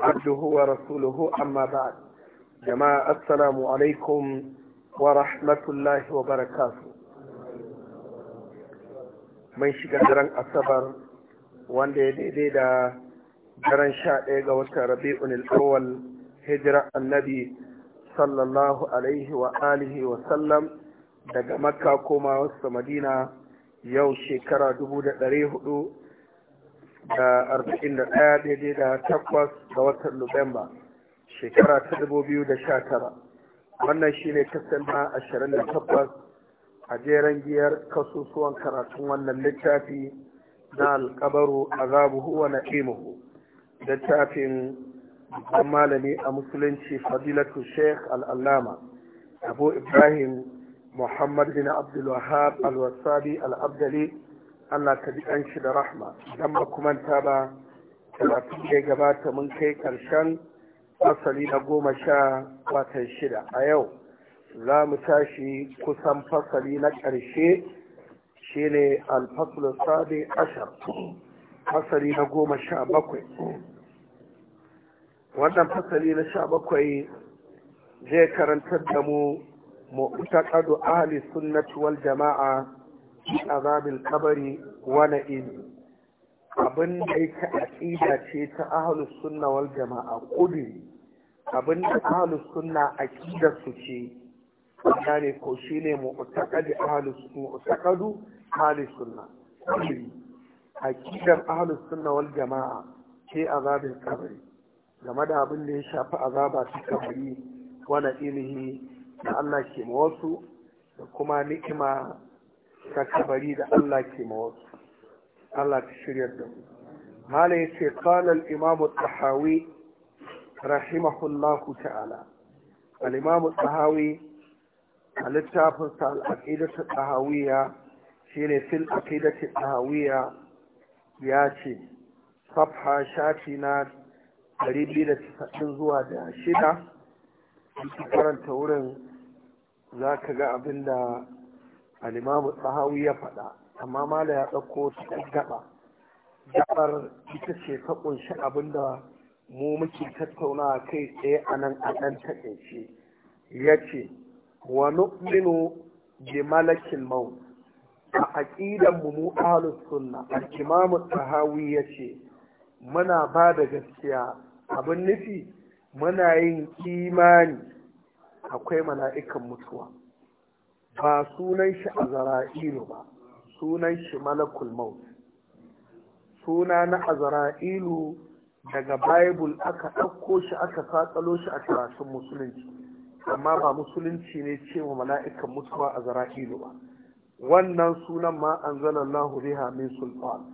عبده ورسوله أما بعد جماعة السلام عليكم ورحمة الله وبركاته من شكا درن أصبر وان دي دي دي دا درن شاء ايغا وتا ربيع الأول هجرة النبي صلى الله عليه وآله وسلم دا مكة كوما وسط مدينة shekara dubu da ɗari hudu da arba'in da ɗaya daidai da takwas ga watan nuwamba shekara ta dubu biyu da sha tara wannan shine kasan na ashirin da takwas a jeren giyar kasusuwan karatun wannan littafi na alkabaru azabuhu wa imuhu littafin babban malami a musulunci fadilatu sheikh al'allama abu ibrahim muhammad bin abdulwahab al-wasabi al-abdali Allah ta ji ɗan shi da rahma idan ba kuma ta ba talatin da ya gabata mun kai ƙarshen fasali na goma sha watan shida a yau za mu tashi kusan fasali na ƙarshe shine alfasul sabi ashar fasali na goma sha bakwai wannan fasali na sha bakwai zai karantar da mu mu'taqadu ahli sunnatu wal jama'a fi azabil kabari wani izi abin da yake aƙida ce ta ahalus sunna wal jama'a kudi abin da ahalus sunna aƙidar su ce ne ko shine mu'taqadi ahalus mu'taqadu ahalus sunna aƙidar ahalus sunna wal jama'a ce azabil kabari game da abin da ya shafi azaba ta kabari wani ilimi da Allah ke wasu da kuma ni'ima ta da Allah ke mawasu Allah ta shirya da mu mala ya ce kalal imamu tsahawi rahimahullahu ta'ala al tsahawi a littafin sa al shine fil ta Tsahawiya. ya ce safha shafi na 290 zuwa da shida in karanta wurin za ka ga abin da alimamu tsahawi ya faɗa amma mala ya ɗauko su gaba gabar ita ce ta ƙunshi abin da mu muke tattaunawa kai tsaye a nan a ɗan taƙaice ya ce wa nu'minu bi malakin mau a aƙidan mu mu ahlus sunna alimamu tsahawi ya ce muna ba da gaskiya abin nufi muna yin imani akwai mala'ikan mutuwa ba sunan shi Azara'ilu ba sunan shi malakul maut suna na azra'ilu daga bible aka ɗauko shi aka sakalo shi a karatun musulunci amma ba musulunci ne cewa mala'ikan mutuwa Azara'ilu ba wannan sunan ma anzalallahu biha min sultan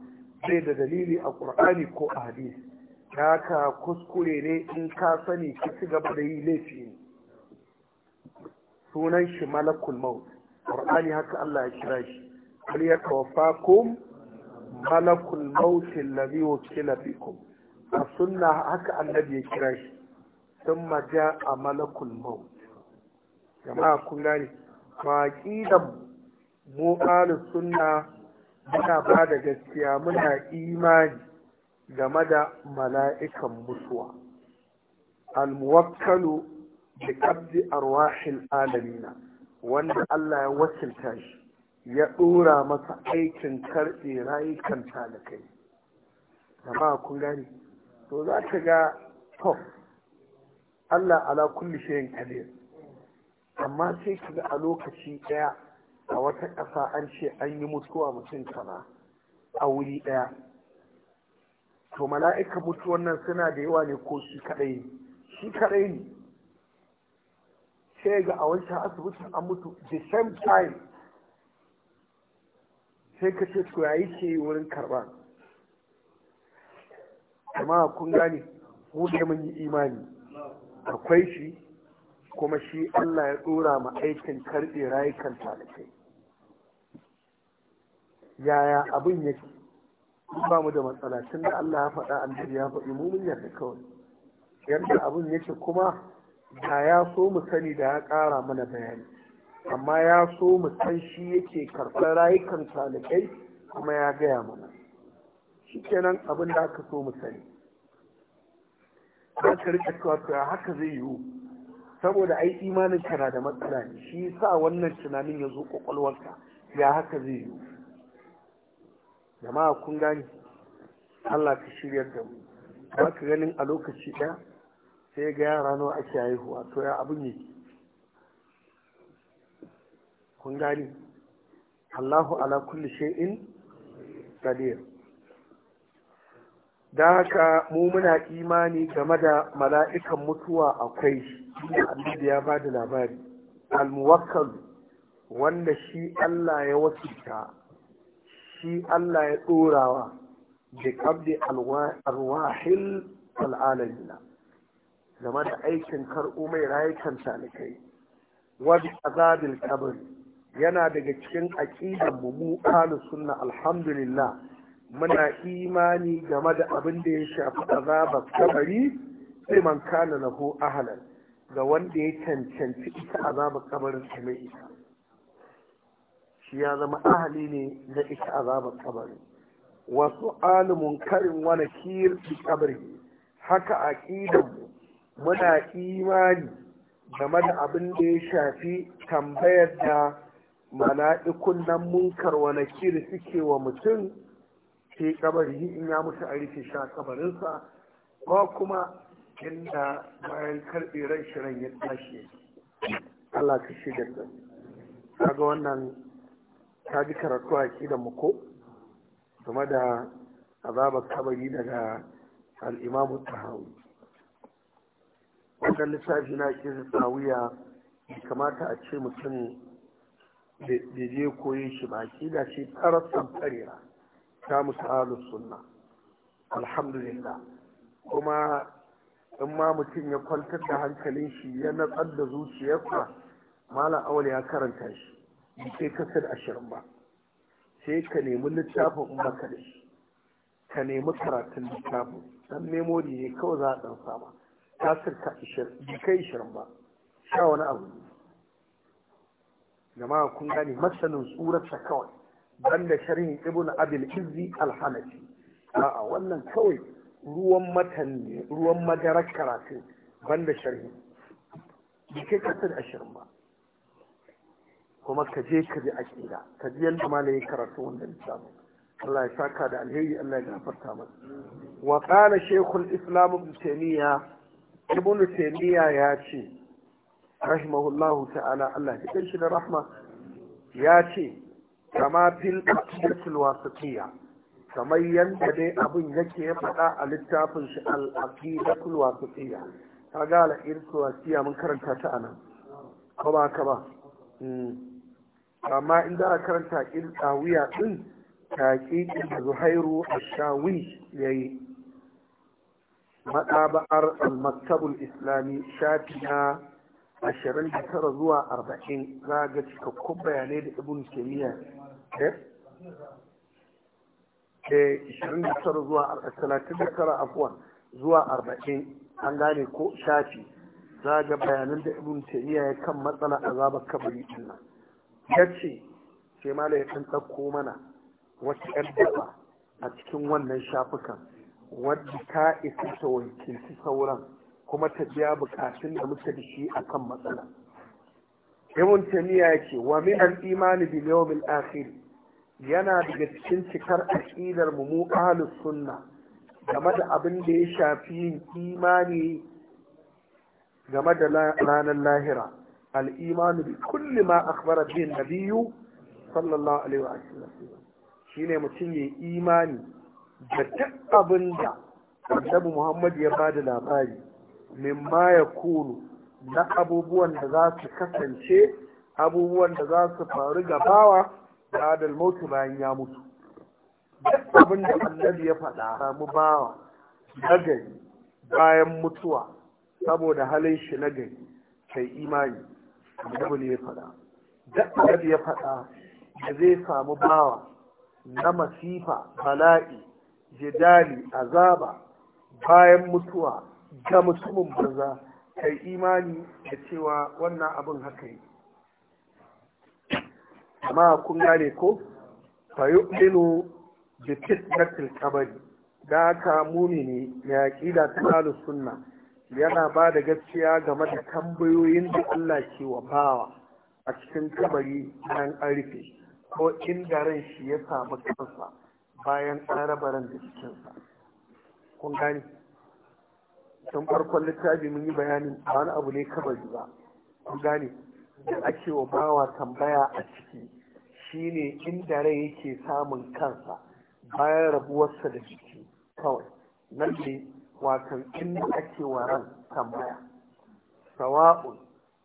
sai da dalili a ƙur'ani ko a hadisi ya ka kuskure ne in ka sani ki ci da yi laifi ne sunan shi malakul maut qur'ani haka Allah ya kira shi qul yatawaffakum malakul maut alladhi wukila bikum a sunna haka annabi ya kira shi thumma a malakul maut jama'a kun gane faqidan mu ahlus sunna muna ba da gaskiya muna imani game da mala'ikan mutuwa al-muwakkalu bi qabdi arwahil alamina wanda Allah ya wakilta shi ya ɗora masa aikin karɗe rayukan talakai jama'a kun gani to za ka ga to Allah ala kulli shayin kadir amma sai ka ga a lokaci ɗaya a wata ƙasa an ce an yi mutuwa mutum kana a wuri ɗaya to mala'ika mutuwan nan suna da yawa ne ko shi kaɗai shi kaɗai ne sai ga a wancan asibitin an mutu the same time sai ka ce to yayi ce wurin karba amma kun gane mu da mun yi imani akwai shi kuma shi Allah ya dora ma aikin karbe rayukan talibai yaya abin yake ba mu da matsala tun da Allah ya faɗa annabi ya faɗi mu mun yarda kawai yarda abin yake kuma da ya so mu sani da ya ƙara mana bayani amma ya so mu san shi yake karɓar rayukan talibai kuma ya gaya mana shi kenan abin da aka so mu sani za ka rike cewa haka zai yiwu saboda ai imanin kana da matsala ne shi yasa wannan tunanin ya zo kwakwalwarka ya haka zai yiwu jama'a kun gani Allah ka shirya da mu ba ka ganin a lokaci ɗaya sai ga yara nawa ake haihuwa to ya abin yake kun gani Allahu ala kulli shay'in qadir da haka mu muna imani game da mala'ikan mutuwa akwai shi annabi ya bada labari al-muwakkal wanda shi Allah ya wakilta shi Allah ya dorawa bi qabdi al-wahil al-alamin game da aikin karɓo mai rayukan kai, wani azabin kabir yana daga cikin aƙidan mu mu ahlus sunna alhamdulillah muna imani game da abin da ya shafi azabar kabari sai man kana lahu ahlan ga wanda ya cancanci ita azabar kabarin ta mai ita shi ya zama ahali ne na ita azabar kabari wasu alimun karin wani kir kabari haka aƙidan muna imani game da abin da ya shafi tambayar da mala'ikun nan munkar wa kiri suke wa mutum ke kabari in ya mutu a rufe sha kabarinsa ko kuma inda bayan karɓe ran shirin ya tashi Allah ka shigar da kaga wannan ta ji karatu a ƙidan mu ko game da azabar kabari daga al'imamu tahawi wannan littafi na tsawuya, tsawiya kamata a ce mutum da je koyi shi ba da ce tsarassan tsarera ta musu sunna alhamdulillah kuma in ma mutum ya kwantar da hankalin shi ya natsar da zuciyarsa malam awal ya karanta shi sai kasar ashirin ba sai ka nemi littafin in baka da shi ka nemi karatun littafin dan memori ne kawai za a ɗan sama Kasir ka bai kai ishirin ba sha wani abu jama'a kun gani. masanin tsurarsa kawai banda sharhin ibn abil izzi alhanafi a'a wannan kawai ruwan matan ne ruwan madarar karatun banda sharhi bai kai kasar ashirin ba kuma ka je ka bi aƙida ka ji yadda malamin karatu wanda samu. Allah ya saka da alheri Allah ya gafarta masa wa qala shaykhul islam ibn ibn taymiya ya ce rahimahullahu ta'ala Allah ya kanshi da rahma ya ce kama fil aqidatul wasatiyya kamar yanda dai abin yake ya faɗa a littafin shi al aqidatul wasatiyya kaga al aqidatul wasatiyya mun karanta ta anan ko ba ka ba hmm. amma in za a karanta aqidatul wasatiyya din ta aqidatul zuhairu ash-shawi yayi maɗaba'ar al-maktabul islami shafi na ashirin da tara zuwa arba'in za ga cikakkun bayanai da ibn taymiya zuwa zuwa an gane ko shafi za ga bayanan da ibn taymiya ya kan matsala kabari ya ce sai mala ya ɗan mana wata ƴar a cikin wannan shafukan wadda ta isa ta wakilci sauran kuma ta biya bukatun da muke da shi a kan matsala ibn tamiya ya ce wa min al-imani bil yawmil akhir yana daga cikin cikar aqidar mu mu ahlus sunna game da abin da ya shafi yin imani game da ranar lahira al-imanu bi kulli ma akhbara bihi nabiyyu sallallahu alaihi wa sallam shine mutum yayi imani da duk abin da annabi Muhammad ya bada labari ma ya kunu na abubuwan da za su kasance abubuwan da za su faru gabawa da adal mutu bayan ya mutu duk abin da annabi ya faɗa samu bawa nagari bayan mutuwa saboda halin shi nagari kai imani annabi ne ya faɗa duk annabi ya faɗa da zai samu bawa na masifa bala'i jidali azaba bayan mutuwa ga mutumin banza kai imani da cewa wannan abin haka yi amma kun gane ko fa yu'minu da fitnatil kabari da aka mumini mai aƙida ta ahlus sunna yana ba da gaskiya game da tambayoyin da Allah ke wa bawa a cikin kabari nan an rufe ko inda ran shi ya samu kansa bayan an raba da cikinsa kun gani tun farkon littafi mun yi bayani a wani abu ne kabari ba kun gane da ake wa bawa tambaya a ciki shine inda rai yake samun kansa bayan rabuwarsa da jiki kawai nan ne watan inda ake wa ran tambaya sawa'un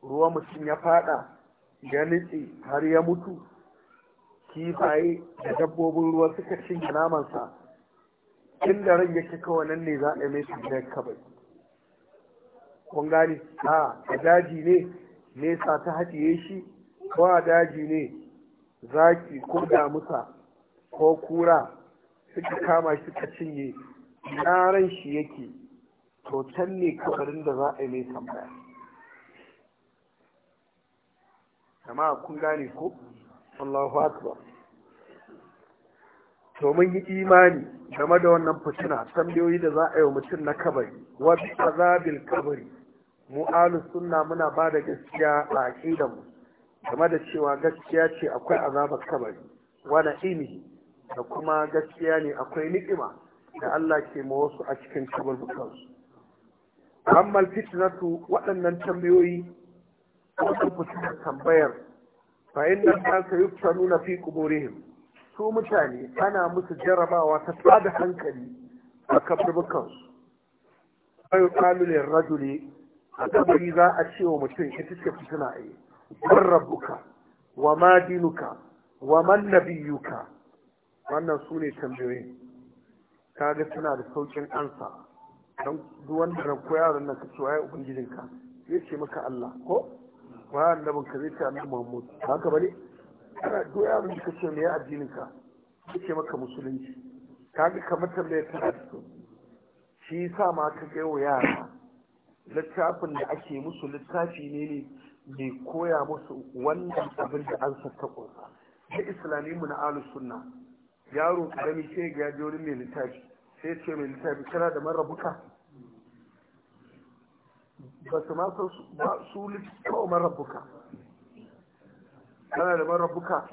ruwa mutum ya fada ya nitse har ya mutu kifaye da dabbobin ruwa suka cinye namansa inda ran yake kawai nan ne za a yi mai su kabai kun gane a a daji ne nesa ta hajiye shi ko a daji ne zaki ko musa ko kura suka kama shi suka cinye yaran shi yake to can ne kabarin da za a yi mai tambaya jama'a kun gane ko Allahu akbar to mun yi imani game da wannan fitina tambayoyi da za a yi wa mutum na kabari wa bi azabil kabari mu alu sunna muna ba da gaskiya a aqidan mu game da cewa gaskiya ce akwai azabar kabari wani na'imi da kuma gaskiya ne akwai ni'ima da Allah ke ma wasu a cikin kabar su amma fitnatu waɗannan tambayoyi wannan fitinar tambayar fa inna nasa yuftanuna fi quburihim su mutane ana musu jarabawa ta tada hankali a kaburbukan su ayu qalu rajuli a kabari za a ce wa mutum ita ce fitina a yi man rabbuka wa ma dinuka wa man nabiyuka wannan su ne tambayoyin kaga suna da saukin ansa don duk wanda na koya nan ka ce waye ubangijinka ya ce maka Allah ko wa annabin ka zai ce annabi Muhammad haka bane doya abin da kace me addinin ka yake maka musulunci kaga kamar tambayar ta shi yasa ma ka ga yara littafin da ake musu littafi ne ne mai koya musu wannan abin da an sa ta ƙunsa islami mu na alu sunna yaro karami sai ga ya wurin mai littafi sai ce mai littafi kana da marabuka ba su ma san su kawo marabbuka kana da marabbuka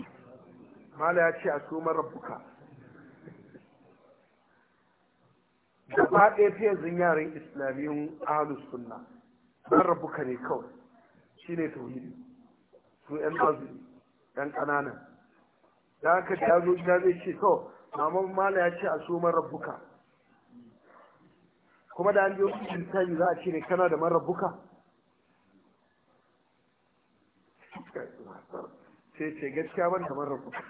mala ya ce a so marabbuka gaba ɗaya fiye zin yaren islamiyyun ahalus sunna marabbuka ne kawai shi ne tauhidi su yan azumi yan ƙananan, da haka da ya gida zai ce kawai maman mala ya ce a so marabbuka kuma da an yi wani littafi za a ce ne kana da marar buka sai ce gaskiya ban da marar buka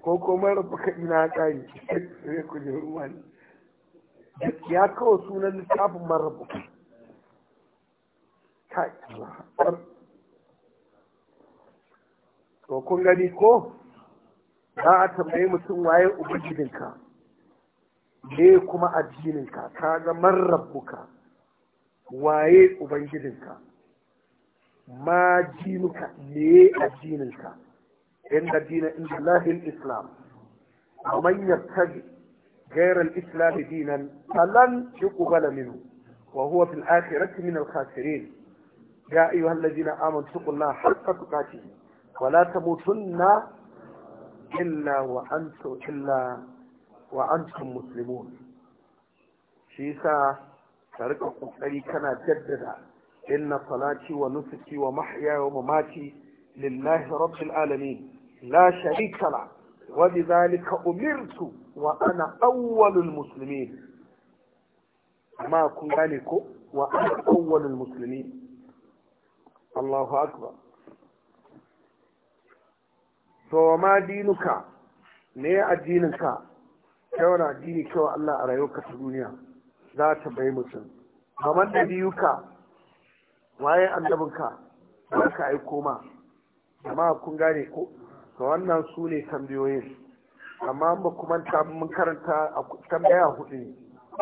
ko ko marar buka ina ƙari sai ku je ruwa ne ya kawo sunan littafin marar buka kai to kun gani ko za a tambaye mutum waye ubangijinka ne kuma addininka ka ga marrabbuka waye ubangijinka ma dinuka me addininka inda dina inda islam a manyan tabi gairar islami dinan falan shi kubala minu wa huwa fil akhirati min al khasirin ya ayyuhal ladina amanu taqullaha haqqa tuqatih wa la tamutunna illa wa antum illa wa antum muslimun shi yasa ka rika kokari kana jaddada inna salati wa nusuki wa mahyaya wa mamati lillahi rabbil alamin la sharika la wa bidhalika umirtu wa ana awwalul muslimin amma kun gane ko wa ana awwalul muslimin Allahu akbar to ma dinuka ne addininka kyauna addini kawai Allah a rayuwarka ta duniya za ta bai mutum kamar da biyu ka waye annabinka za ka aiko ma amma kun gane ko to wannan su ne tambayoyin amma ba ku manta mun karanta a tambaya hudu ne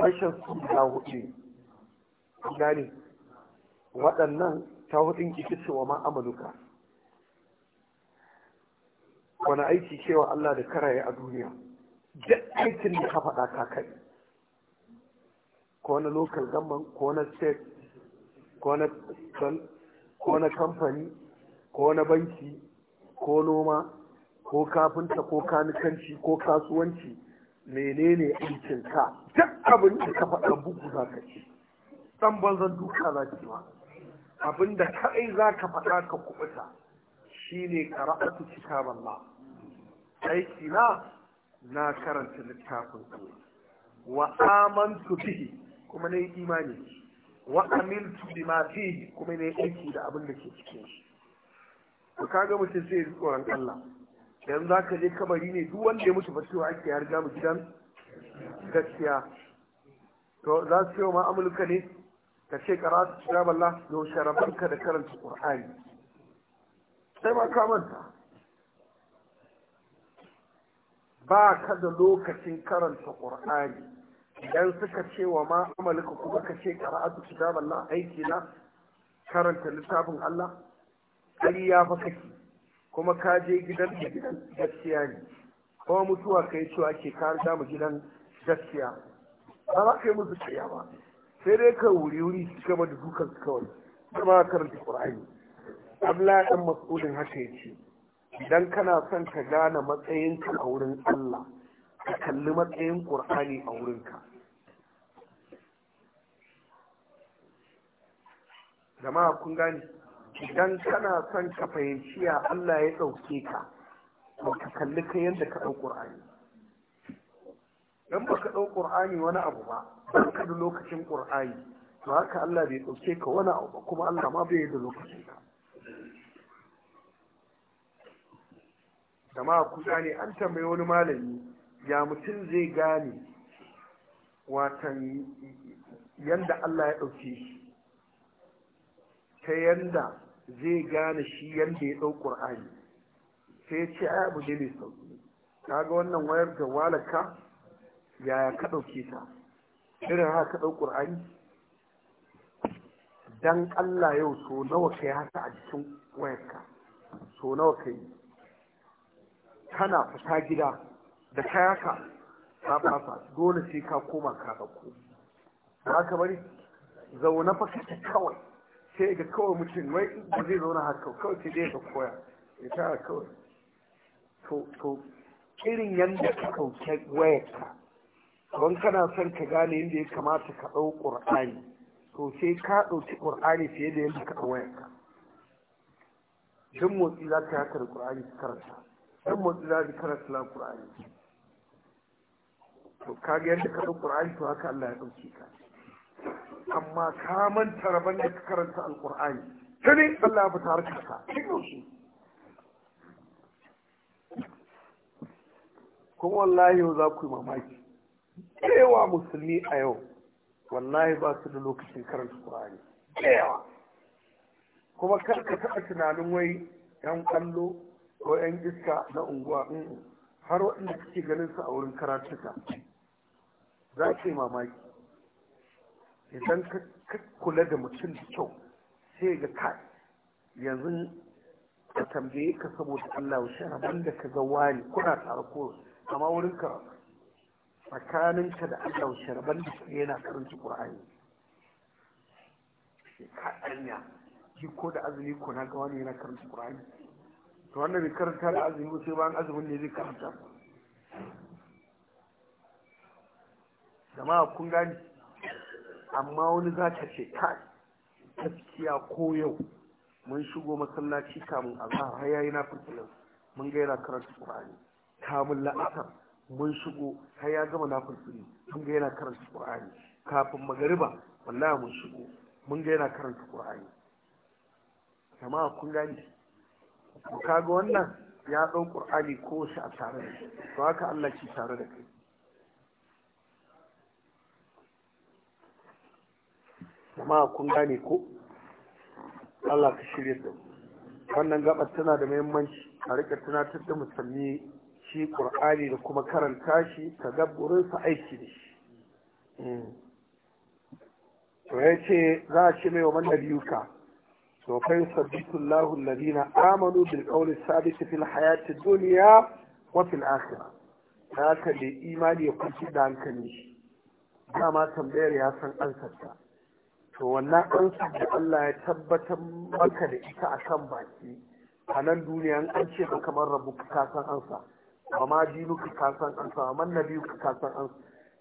rashin su da hudu ne kun gane waɗannan ta hudun kiki ce wa ma'amaluka wani aiki cewa Allah da karaye a duniya duk aikin da ka faɗa ka kai ko na local government ko na state ko na kamfani ko na banki ko noma ko kafinta ko kanikanci ko kasuwanci menene aikin ka duk abin da ka faɗa bugu za ka ci ɗan banzan duka za ki ma abin da kaɗai za ka faɗa ka kuɓuta shine karatu kitaballah aiki na na karanta littafin ku wa amantu bihi kuma na yi imani wa amiltu bima fihi kuma na aiki da abin da ke cikin shi to kaga mutum sai ya Allah yanzu za ka je kabari ne duk wanda ya mutu fasiwa ake harga mu gidan gaskiya to za su yi ma amulka ne ka ce karatu shiraballa don sharabanka da karanta Al-Qur'ani? sai ma ka manta ba ka da lokacin karanta ƙur'ani idan suka ce wa ma amalika kuma ka ce qara'atu na aiki na karanta littafin Allah ya fa kake kuma ka je gidan da gidan gaskiya ne kuma mutuwa ka yi cewa ke ka riga mu gidan gaskiya ba za ka yi musu ƙarya ba sai dai ka wuri wuri su gaba da dukan su kawai kuma karanta ƙur'ani Abdullahi dan mas'ulin haka ya ce idan kana son ka gane matsayinka a wurin Allah ka kalli matsayin ƙur'ani a wurinka jama'a kun gani idan kana son ka fahimci ya Allah ya ɗauke ka to ka kalli ka yadda ka ɗau ƙur'ani idan baka ka ɗau ƙur'ani wani abu ba ba ka da lokacin ƙur'ani to haka Allah bai ɗauke ka wani abu ba kuma Allah ma bai da lokacin ka Sama ku ne an tambayi wani malami ya mutum zai gane watan yanda Allah ya ɗauke shi ta yanda zai gane shi yanda ya ɗau ƙur'ani sai ce ai abu ne mai sauƙi kaga wannan wayar da walaka yaya ka ɗauke ta irin haka ka ɗau ƙur'ani dan Allah yau so nawa kai haka a cikin wayarka so nawa kai kana fita gida da kayaka ka fasa dole sai ka koma ka ɗauko ba ka bari zaune fa kake kawai sai ga kawai mutum wai ba zai zauna haka kawai sai dai ka koya ya tara kawai to to irin yadda ka kauce wayarka don kana son ka gane yadda ya kamata ka ɗau ƙur'ani to sai ka ɗauki ƙur'ani fiye da yadda ka ɗau wayarka duk motsi za ka yi haka da ƙur'ani karanta ɗan motsi za su kara sula ƙur'ani to ka ga yadda ka ɗau ƙur'ani to haka Allah ya ɗauke ka amma ka manta rabon da ka karanta alƙur'ani ta ne Allah ya fita harkar ka cikin kuma wallahi yau za ku yi mamaki yawa musulmi a yau wallahi ba su da lokacin karanta ƙur'ani yawa kuma kar ka taɓa tunanin wai 'yan kallo ko 'yan iska na unguwa har waɗanda kake ganin su a wurin karatuka za ke mamaki idan ka kula da mutum da kyau sai ga ka yanzu ka tambaye ka saboda Allah wasu rabon da ka ga wani kuna tare ko amma wurin ka tsakanin ka da Allah wasu rabon da ka yana karanta Qur'ani sai ka danya ko da azumi ko na ga wani yana karanta Qur'ani to wanda bai karanta da azumi sai bayan azumin ne zai karanta jama'a kun gani amma wani za ta ce kai gaskiya ko yau mun shigo masallaci kamun azhar har yayi na fitilan mun ga yana karanta qur'ani kamun la'asar mun shigo har ya gama na fitili mun ga yana karanta qur'ani kafin magariba wallahi mun shigo mun ga yana karanta qur'ani jama'a kun gani kaga wannan ya ɗau ƙur'ani ko shi a tare da shi to haka Allah ke tare da kai jama'a kun gane ko Allah ka shirya da wannan gabar tana da muhimmanci a rika tunatar da musulmi shi ƙur'ani da kuma karanta shi ka gaburin sa aiki da shi hmm. to ya ce za a ce mai wa manna da biyu ka Sofai وفيثبت الله الذين آمنوا بالقول الثابت في الحياة الدنيا وفي ta haka da imani ya kunshi da hankali dama tambayar ya san ansarta to wannan ansar da Allah ya tabbatar maka da ita a kan baki a nan duniya an ce ka kamar rabu ka san ansa amma dinu ka san ansa amma nabiyu ka san ansa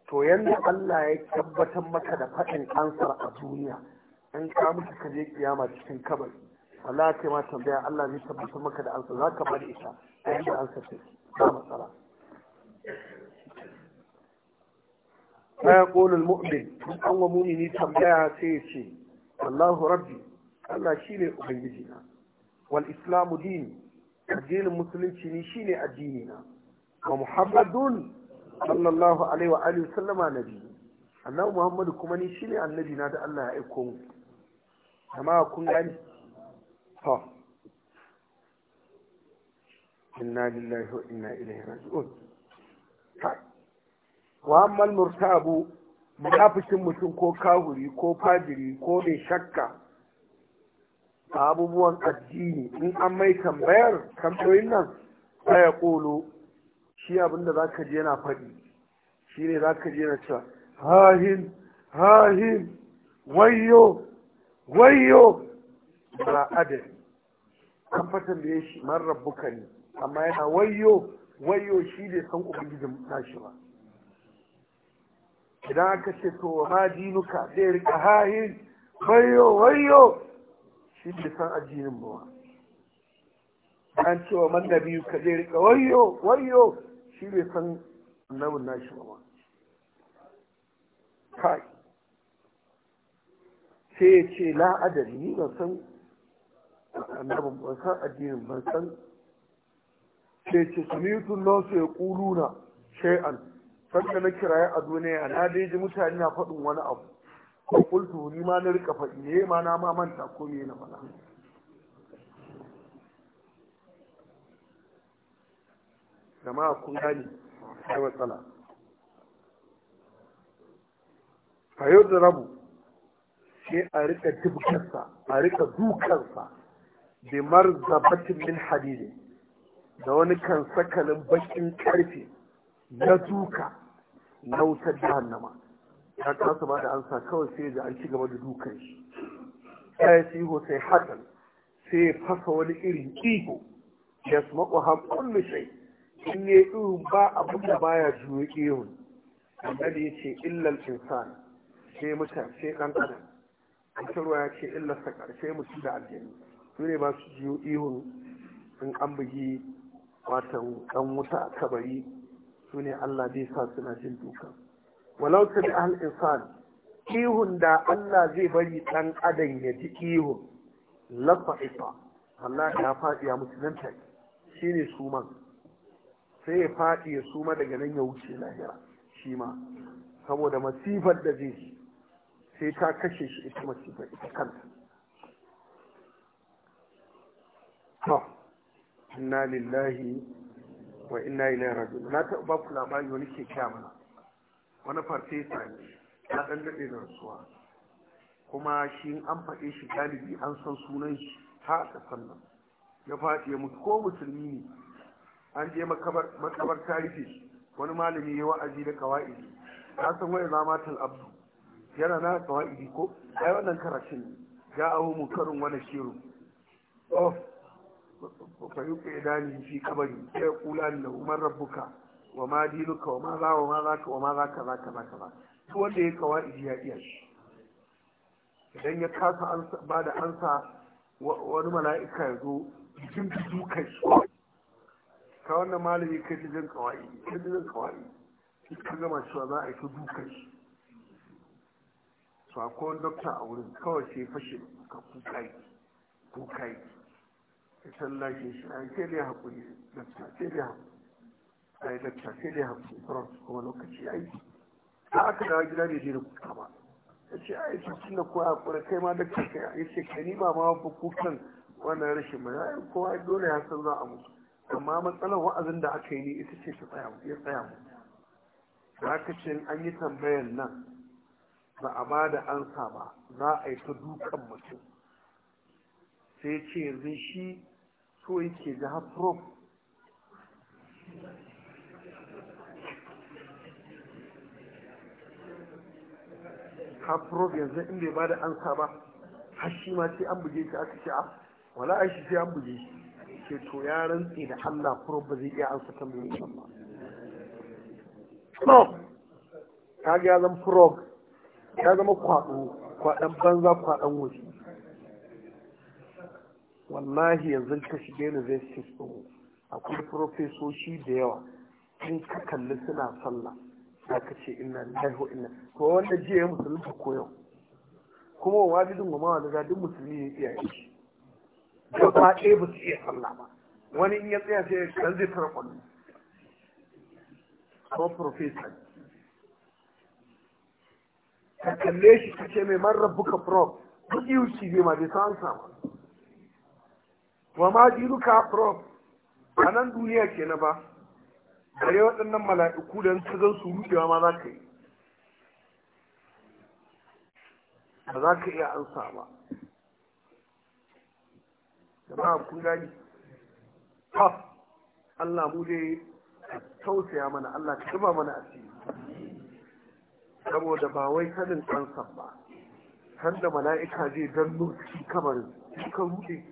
to yanda Allah ya tabbatar maka da faɗin ansar a duniya in ka mutu ka je kiyama cikin kabar Allah kai ma tambaya Allah zai tabbatar maka da ansa za ka bada ita a yadda ansa ce ba matsala fa yaqulu al-mu'min an wa mu'mini tambaya sai ya ce Allahu rabbi Allah shine ubangiji na wal islamu dini addinin musulunci ne shine addini na wa muhammadun sallallahu alaihi wa alihi sallama nabi annabi muhammadu kuma ni shine annabi na da Allah ya aiko mu amma kun gani ha inna lillahi wa inna ilaihi raji'un wa ammal murtabu munafikin mutum ko kahuri ko fajiri ko mai shakka a abubuwan addini in an mai tambayar tambayoyin nan ya kolo shi abinda za ka je yana faɗi shi ne za ka je yana cewa hahin hahin wayo wayo ba adari an fatan da ya shi man rabbuka ne amma yana wayo wayo shi bai san ubangijin shi ba idan aka ce to ma dinuka zai rika hahi wayo wayo shi bai san ajinin ba an ce wa man Nabi ka zai rika wayo wayo shi bai san annabin nashi ba kai sai ya ce la ni ban san annabin ban san addinin ban san sai ce samitun nan su ya na shay'an sanda na kiraye a duniya na dai ji mutane na faɗin wani abu ko kultu ni ma na rika faɗi ne ma na ma manta ko me na faɗa jama'a kun gani sai matsala a yau da rabu sai a rika tibkarsa a rika dukarsa bi marzabatin min hadidi da wani kan sakalin bakin karfe na duka na wutar jahannama ya kasa ba da ansa kawai sai da an ci gaba da dukan shi sai shi sai hatan sai ya fasa wani irin iho ya su maƙwaha kullu shai in ya irin ba abin da baya juyo ihun annabi ya ce illal insan sai mutane sai ɗan adam wata ya ce illarsa karshe mutum da aljanu su ne ba su jiyo ihun in an bugi watan kan wuta a kabari su ne Allah zai sa suna jin duka? walau ta bi ahal insan ihun da Allah zai bari ɗan adam ya ji ihun lafa ita Allah ya faɗi ya mutu nan shi ne suman sai ya faɗi ya suma daga nan ya wuce lahira shi ma saboda masifar da zai shi sai ta kashe shi ita masifar ita kanta to inna lillahi wa inna ilaihi raji'un na taɓa ba ku labari wani ke kya mana wani farfesa ne ya ɗan daɗe da rasuwa kuma shi an faɗe shi galibi an san sunan shi ta a ƙasar ya faɗi ya mutu ko musulmi ne an je makabar tarihi wani malami ya wa'azi da kawai ta san wa'ina matal yana na kawai ko ai wannan karatun ya abu mu karin wani shiru of oh, fa yuka idani fi kabari ya kula da umar rabbuka wa ma dinuka wa ma za wa ma za ka wa ma za ka za ka za ka za to wanda ya kawai ya iya shi idan ya kasa ba da ansa wani mala'ika ya zo jikin dukan shi ka wannan malami kai jijin kawai kai jijin kawai ka gama cewa za a yi ta dukan shi su a kowane dokta a wurin kawai sai fashe ka kuka yi kuka yi ya sallashe shi a sai dai haƙuri da sai dai haƙuri a yi dokta sai dai haƙuri sauran su kuma lokaci ya yi ta aka dawa gida ne je da kuka ba ya ce a yi cikin da kowa haƙuri kai ma dokta kai yi ce ka ni ba ma ba kukan wannan rashin ba ya kowa dole ya san za a mutu amma matsalar wa'azin da aka yi ne ita ce ta tsaya ya tsaya mu Za ka ce an yi tambayar nan ba a ba da ansa ba za a yi ta dukan mutum sai ce yanzu shi so yake ga haprof haprof yanzu inda bai ba da ansa ba har shi ma ce an buge shi aka ce a ah, wala a shi sai an buge shi ke to ya rantse da Allah furo ba zai iya ansa tambayoyin ba prof kaga ya zan prof ya zama kwaɗo kwaɗan banza kwaɗan wuri wallahi yanzu ka shiga university ɗin akwai profesoshi da yawa in ka kalli suna sallah za ka ce ina lillahi ina ko wanda jiya musulun ta koyo kuma wa wajidin wa mawa da duk musulmi ya iya shi ba ɗaya ba su iya sallah ba wani in ya tsaya sai kan zai tara kwallo ko profesor ka kalle shi ka ce mai man rabbuka prof duk wuce zai ma bai san sama wa ma dinuka prof a nan duniya ke na ba gare waɗannan mala'iku da ka zan su ruɗewa ma za ka yi ba za ka iya ansa ba jama'a kun gani ha Allah mu dai tausaya mana Allah ka tuba mana asiri saboda ba wai sanin kansa ba har da mala'ika zai danno cikin kamarin suka rude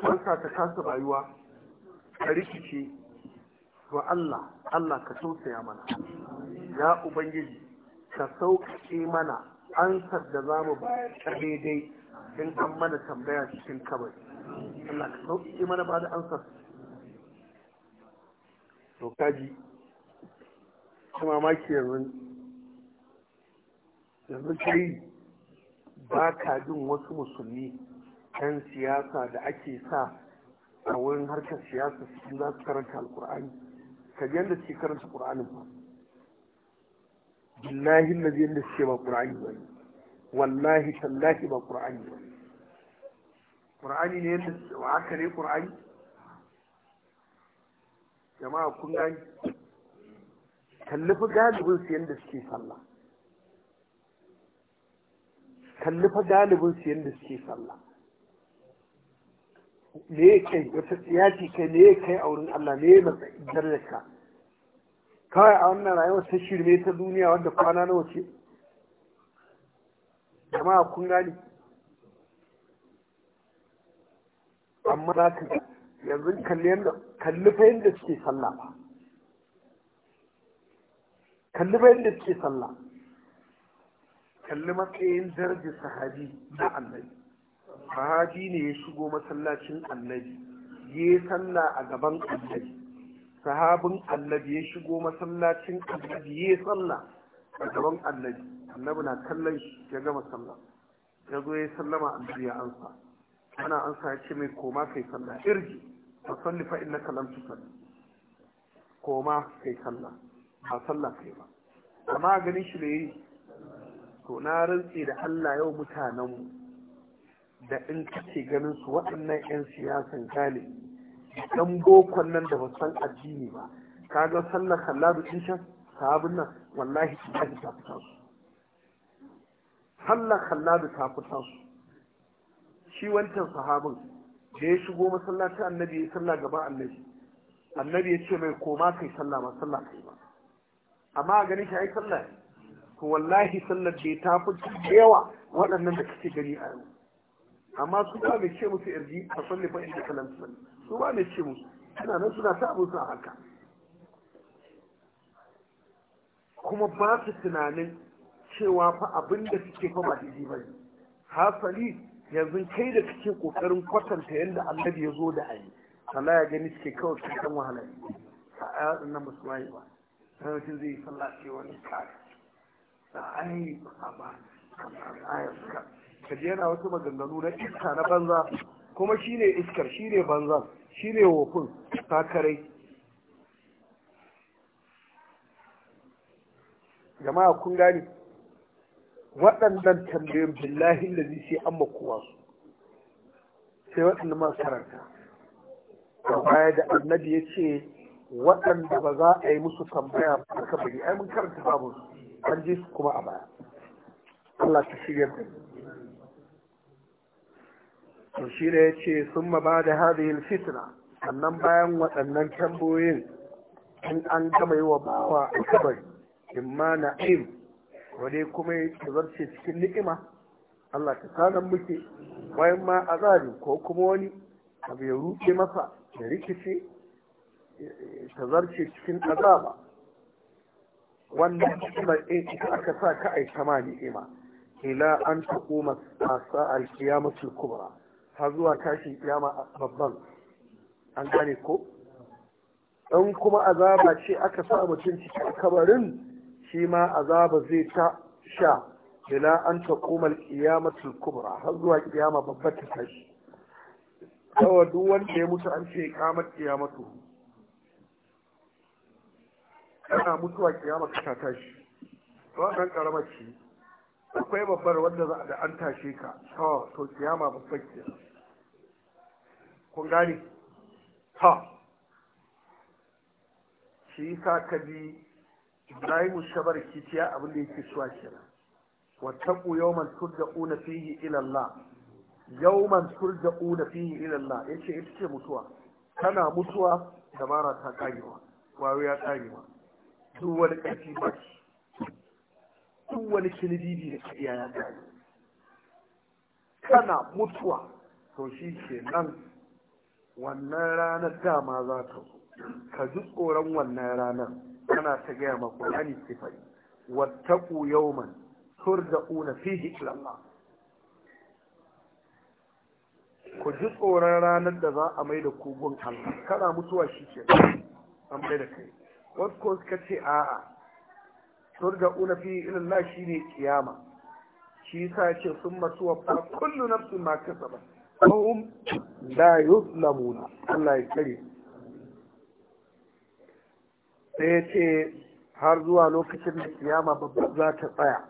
kansa ta kasa rayuwa ta rikice wa Allah Allah ka tausaya mana ya ubangiji ka sauƙaƙe mana ansar da za mu ta daidai in an mana tambaya cikin kabari Allah ka sauƙaƙe mana ba da ansar to kaji mamaki yanzu yanzu kai ba ka jin wasu musulmi ɗan siyasa da ake sa a wurin harkar siyasa su za su karanta alkur'ani ka ji yadda ce karanta ƙur'anin ba billahi na yadda ce ba ƙur'ani ba wallahi tallahi ba ƙur'ani ba ƙur'ani ne yadda aka ne ƙur'ani jama'a kun gani kalli fi galibin su yadda suke sallah kalli fa galibin su yadda suke sallah me ya kai wata tsiyaci kai me ya kai a wurin Allah me ya matsa darajarka kawai a wannan rayuwar ta shirme ta duniya wadda kwana nawa ce jama'a kun gani amma za ka yanzu kalli yadda kalli fa yadda suke sallah ba kalli fa yadda suke sallah kalli matsayin darajar sahabi na annabi sahabi ne ya shigo masallacin annabi ya yi sallah a gaban annabi sahabin annabi ya shigo masallacin annabi ya yi sallah a gaban annabi annabi na kallon shi ya gama sallah ya zo ya sallama annabi ya ansa ana ansa ya ce mai koma kai sallah irji fa salli fa kalam lam tusalli koma kai sallah ba sallah kai ba amma ganin shi da yi to na rantse da Allah yau mutanenmu da in kace ganin su waɗannan 'yan siyasan gane dan bokon nan da ba san addini ba kaga sallar kallabu din can sahabin nan wallahi ta ta fita su sallar kallabu ta fita su shi wancan sahabin da ya shigo masallacin annabi ya sallah gaba annabi annabi ya ce mai koma kai sallah ba sallah kai ba amma a ganin shi ai sallah to wallahi sallar da ta fi da yawa waɗannan da kake gani a yau amma su ba mai ce musu irji a salli fa inda kalam salli su ba mai ce musu suna nan suna ta abin a haka kuma ba su tunanin cewa fa abin da suke fa ba daidai ba ne hasali yanzu kai da kake kokarin kwatanta yadda annabi ya zo da ayi sallah ya gani suke kawai cikin wahala sa'a nan musulmai ba sai mutum zai yi sallah ce wani kare ai ba ka je yana wasu maganganu na iska na banza kuma shine iskar shine banzan shine wofin sakarai jama'a kun gani waɗannan tambayin billahi da sai an makuwa su sai waɗanda ma karanta da baya da annabi ya ce waɗanda ba za a yi musu tambaya ba aka bari ai mun karanta babu su an kuma a baya Allah ta shirya da to shi ne ya ce sun ma ba da hadihil fitna sannan bayan waɗannan tambayoyin in an gama yi wa bawa a kabari in ma na'im wadai kuma ya zarce cikin ni'ima Allah ta sanar muke bayan ma azabi ko kuma wani abu ya rufe masa ya rikice ta zarce cikin azaba wannan ni'imar eh, ita aka sa ka ai ta ma ni'ima ila an tuquma asa al-qiyamatul kubra har zuwa tashin kiyama babban an gane ko in kuma azaba ce aka sa mutum cikin kabarin shi ma azaba zai ta sha ila an taquma al-qiyamatul kubra har zuwa kiyama babbar ta tashi kawai duk wanda ya mutu an ce kamar kiyamatu kana mutuwa kiyama ka tashi wannan karamar ce akwai babbar wanda za da an tashe ka to to kiyama babbar ke kun gane ha shi sa ka bi ibrahim shabar kiciya abin da yake suwa kenan wattaqu yawman turja'una fihi ila Allah yawman turja'una fihi ila Allah yace ita ce mutuwa kana mutuwa dabara ta karewa wayo ya karewa duk wani ƙarfi ba duk wani kilibibi da ka ya gani kana mutuwa to shi ke nan wannan ranar dama za ta zo ka ji tsoron wannan ranar kana ta gaya ma ƙulani sifai wattaku yawman na fihi ila Allah ku ji tsoron ranar da za a mai da kogon Allah kana mutuwa shi ke nan, an mai da kai wasu suka ce a'a turga una fi shi ne kiyama shi sa yace sun masu wafa kullu nafsin ma kasaba hum la yuzlamuna Allah ya kare sai ce har zuwa lokacin da kiyama babba za ta tsaya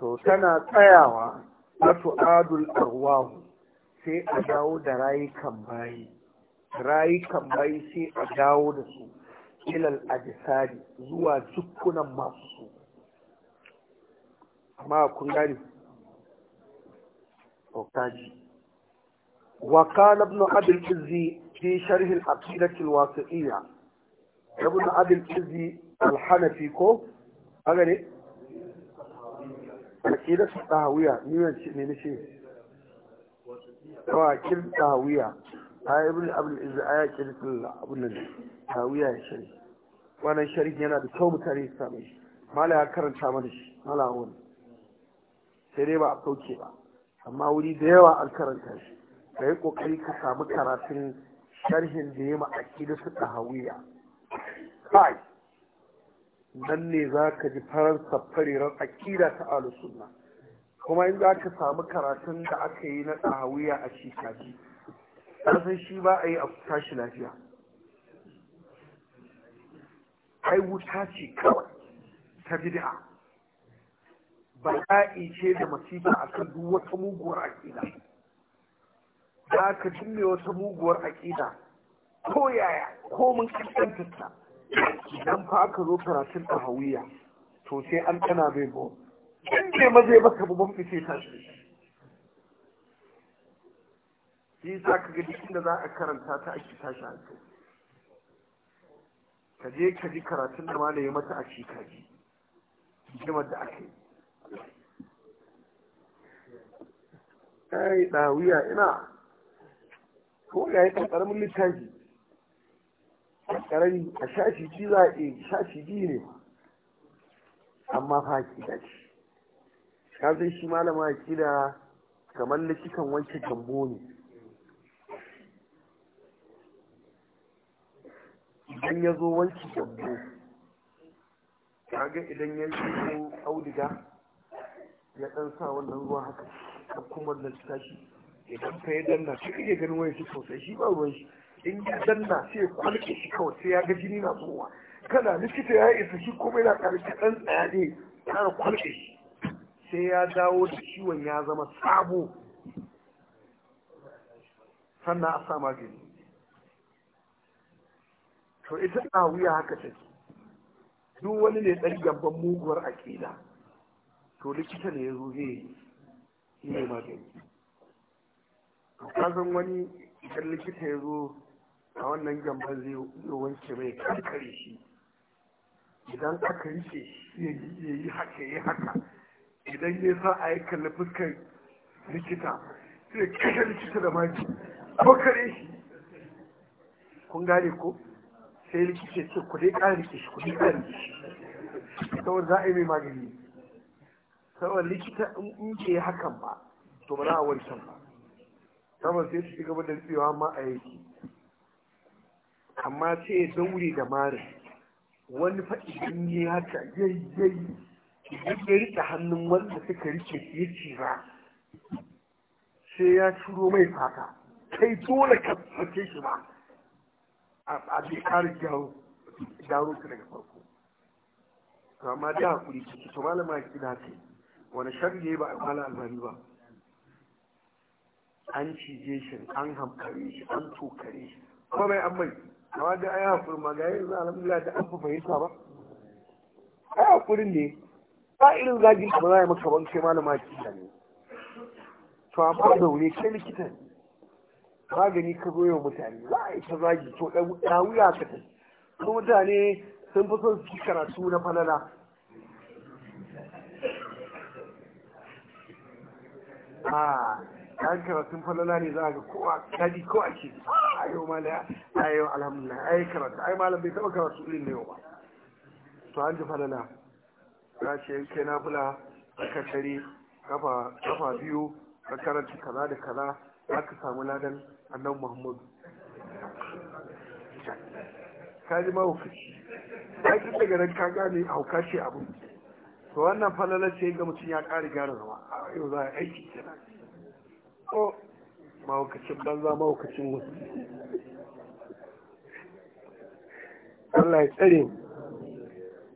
to tana tsayawa wato adul arwahu sai a dawo da rayukan bayi rayukan bayi sai a dawo da su ilal ajisari zuwa jikunan masu su amma kun gani saukaji وقال ابن أبي العز في شرح العقيدة الواقعية ابن أبي العز الحنفي كو أغني عقيدة التهوية مين مين شيء عقيدة التهوية هاي ابن أبي العز آية كلمة أبو النبي tawiya ya shari wannan sharhi yana da kyau mutane su same shi mala ya karanta mana shi mala wani sai dai ba a sauke ba amma wuri da yawa an karanta shi ka yi kokari ka samu karatun sharhin da ya ma'aki da su hawiya kai nan ne za ka ji farar safariran akida ta alusunna kuma in za ka samu karatun da aka yi na ɗahawiya a shi kaji ɗansan shi ba a yi a tashi lafiya ai wuta ce kawai ta bid'a bala'i ce da masifa a kan duk wata muguwar aƙida za ka jimme wata muguwar aƙida ko yaya ko mun kankanta ta idan fa aka zo karatun tahawiyya to sai an tana bai bo in bai maje ba ka bambi fice ta shi shi za ka ga duk inda za a karanta ta ake tashi hankali ka je ka ji karatun da malaye mata a shekaji jimar da aka yi ai ɗawiya ina ko ya yi ƙarƙarmin littafi ƙarƙarami a shashi ji za a shashi ji ne amma fa ki ce ka zai shi malama kida kamar likitan wanke gambo ne idan ya zo wanki sabbo kaga idan ya yi auduga ya ɗan sa wannan ruwa haka ta kuma da tashi idan fa ya danna shi kike ganin wani shi sosai shi ba ruwan shi in ya danna sai ya kwalke shi kawai sai ya ga jini na zuwa kana likita ya isa shi kuma yana ƙarshe ɗan tsaya ne kara kwalke shi sai ya dawo da ciwon ya zama sabo sannan a sa magani to ita ɗawiya haka take duk wani ne ɗan gaban muguwar aƙida to likita ne ya zo zai yi ne magani kasan wani idan likita ya zo a wannan gaban zai wanke mai kankare shi idan aka rike shi ya yi haka ya haka idan ya sa a yi kalli fuskar likita sai kashe likita da maki ko kare shi kun gane ko sai likita ce ku dai ƙari shi ku dai ƙari shi saboda za a yi mai magani saboda likita in ke hakan ba to ba za a wancan ba saboda sai su gaba da rufewa ma a yake amma sai ya daure da Mara, wani faɗi idan ya haka yayyayi idan ya rike hannun wanda suka rike ya ce ba sai ya ciro mai fata kai dole ka fake shi ba a bi ƙarin jawo daro su daga farko to amma da hakuri ciki to malama ki da kai wani sharri ne ba a mala albani ba an cije shi an hamkare shi an tokare shi kuma mai amma mai amma da ai hakuri ma ga yanzu alhamdulillah da an sa ba ai hakurin ne ba irin zagin ba za a yi maka ban kai malama ki da ne to amma da wuri kai likitan magani ka zo yau mutane za a yi ta zagi to ɗawuya ka ta ko mutane sun fi son su karatu na falala a an karatun falala ne za a ga ko a kadi ko a ke a ah, yau ma da a yau alhamdulillah a yi karatu yi malam bai taɓa karatu irin da yau ba to an ji falala za ce yanke na fula a kakare kafa biyu a karanta kaza da kaza aka samu ladan annan muhammadu ka ji mahaukaci ai duk daga nan ka gane hauka ce abu to wannan falalar ce ga mutum ya ƙari gyara zama a yau za a aiki kenan ko mahaukacin banza mahaukacin wasu Allah ya tsare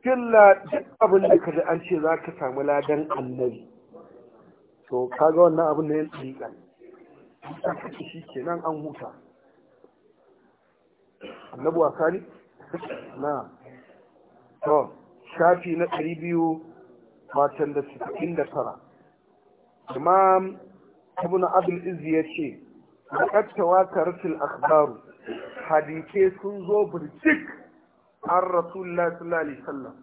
killa duk abin da ka ji an ce za ka samu ladan annabi to kaga wannan abin ne yin ɗiƙan ta kace shi kenan an huta annabu a kari na to shafi na ɗari biyu matan da sittin da tara imam ibn abin izi ya ce laqad tawatarat al akhbar hadithai sun zo birtik an rasulullahi sallallahu alaihi wasallam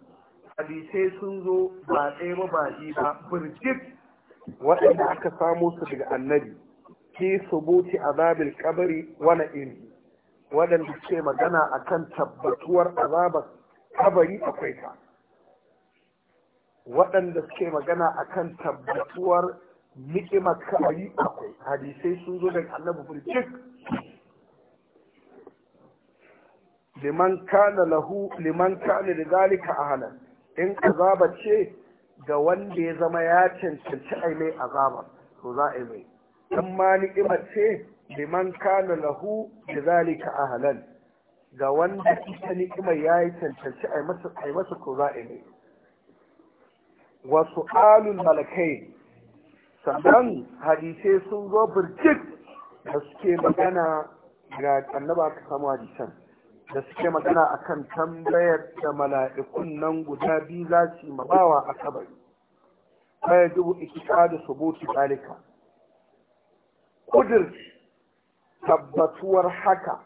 hadithai sun zo ba ɗaya ba ba ba birtik waɗanda aka samo su daga annabi fi subuti azabil kabari wani iri waɗanda ke magana akan tabbatuwar azabar kabari akwai ta waɗanda suke magana akan tabbatuwar ni'imar kabari akwai hadisai sun zo daga annabi burjik liman kana lahu liman kana da zalika halar in azaba ce ga wanda ya zama ya cancanci ai mai azaba to za a yi mai dan ma ni'imar ce liman kana lahu da zalika halal, ga wanda ita ni'imar yayi cancanci ai masa ai masa kuza'i ne wa su'alul malakai sannan hadisai sun zo birjik da suke magana ga annaba ka samu hadisan da suke magana akan tambayar da mala'ikun nan guda biyu za su yi mabawa a kabari fa yajibu subuti Zalika. ƙudurci tabbatuwar haka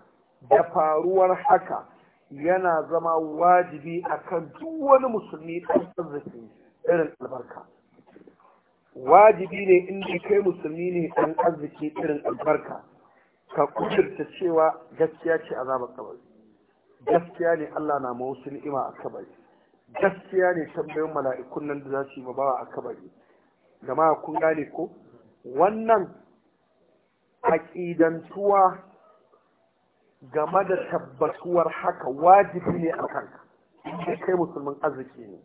da faruwar haka yana zama wajibi akan duk wani musulmi ɗan arziki irin albarka wajibi ne inda kai musulmi ne ɗan arziki irin albarka ka kudurta cewa gaskiya ce a zama kabari gaskiya ne Allah na ma a kabari gaskiya ne tambayin mala'ikun da za su yi ma a kabari gama kun gane ko wannan aƙidantuwa game da tabbatuwar haka wajibi ne a kanka in kai musulmin arziki ne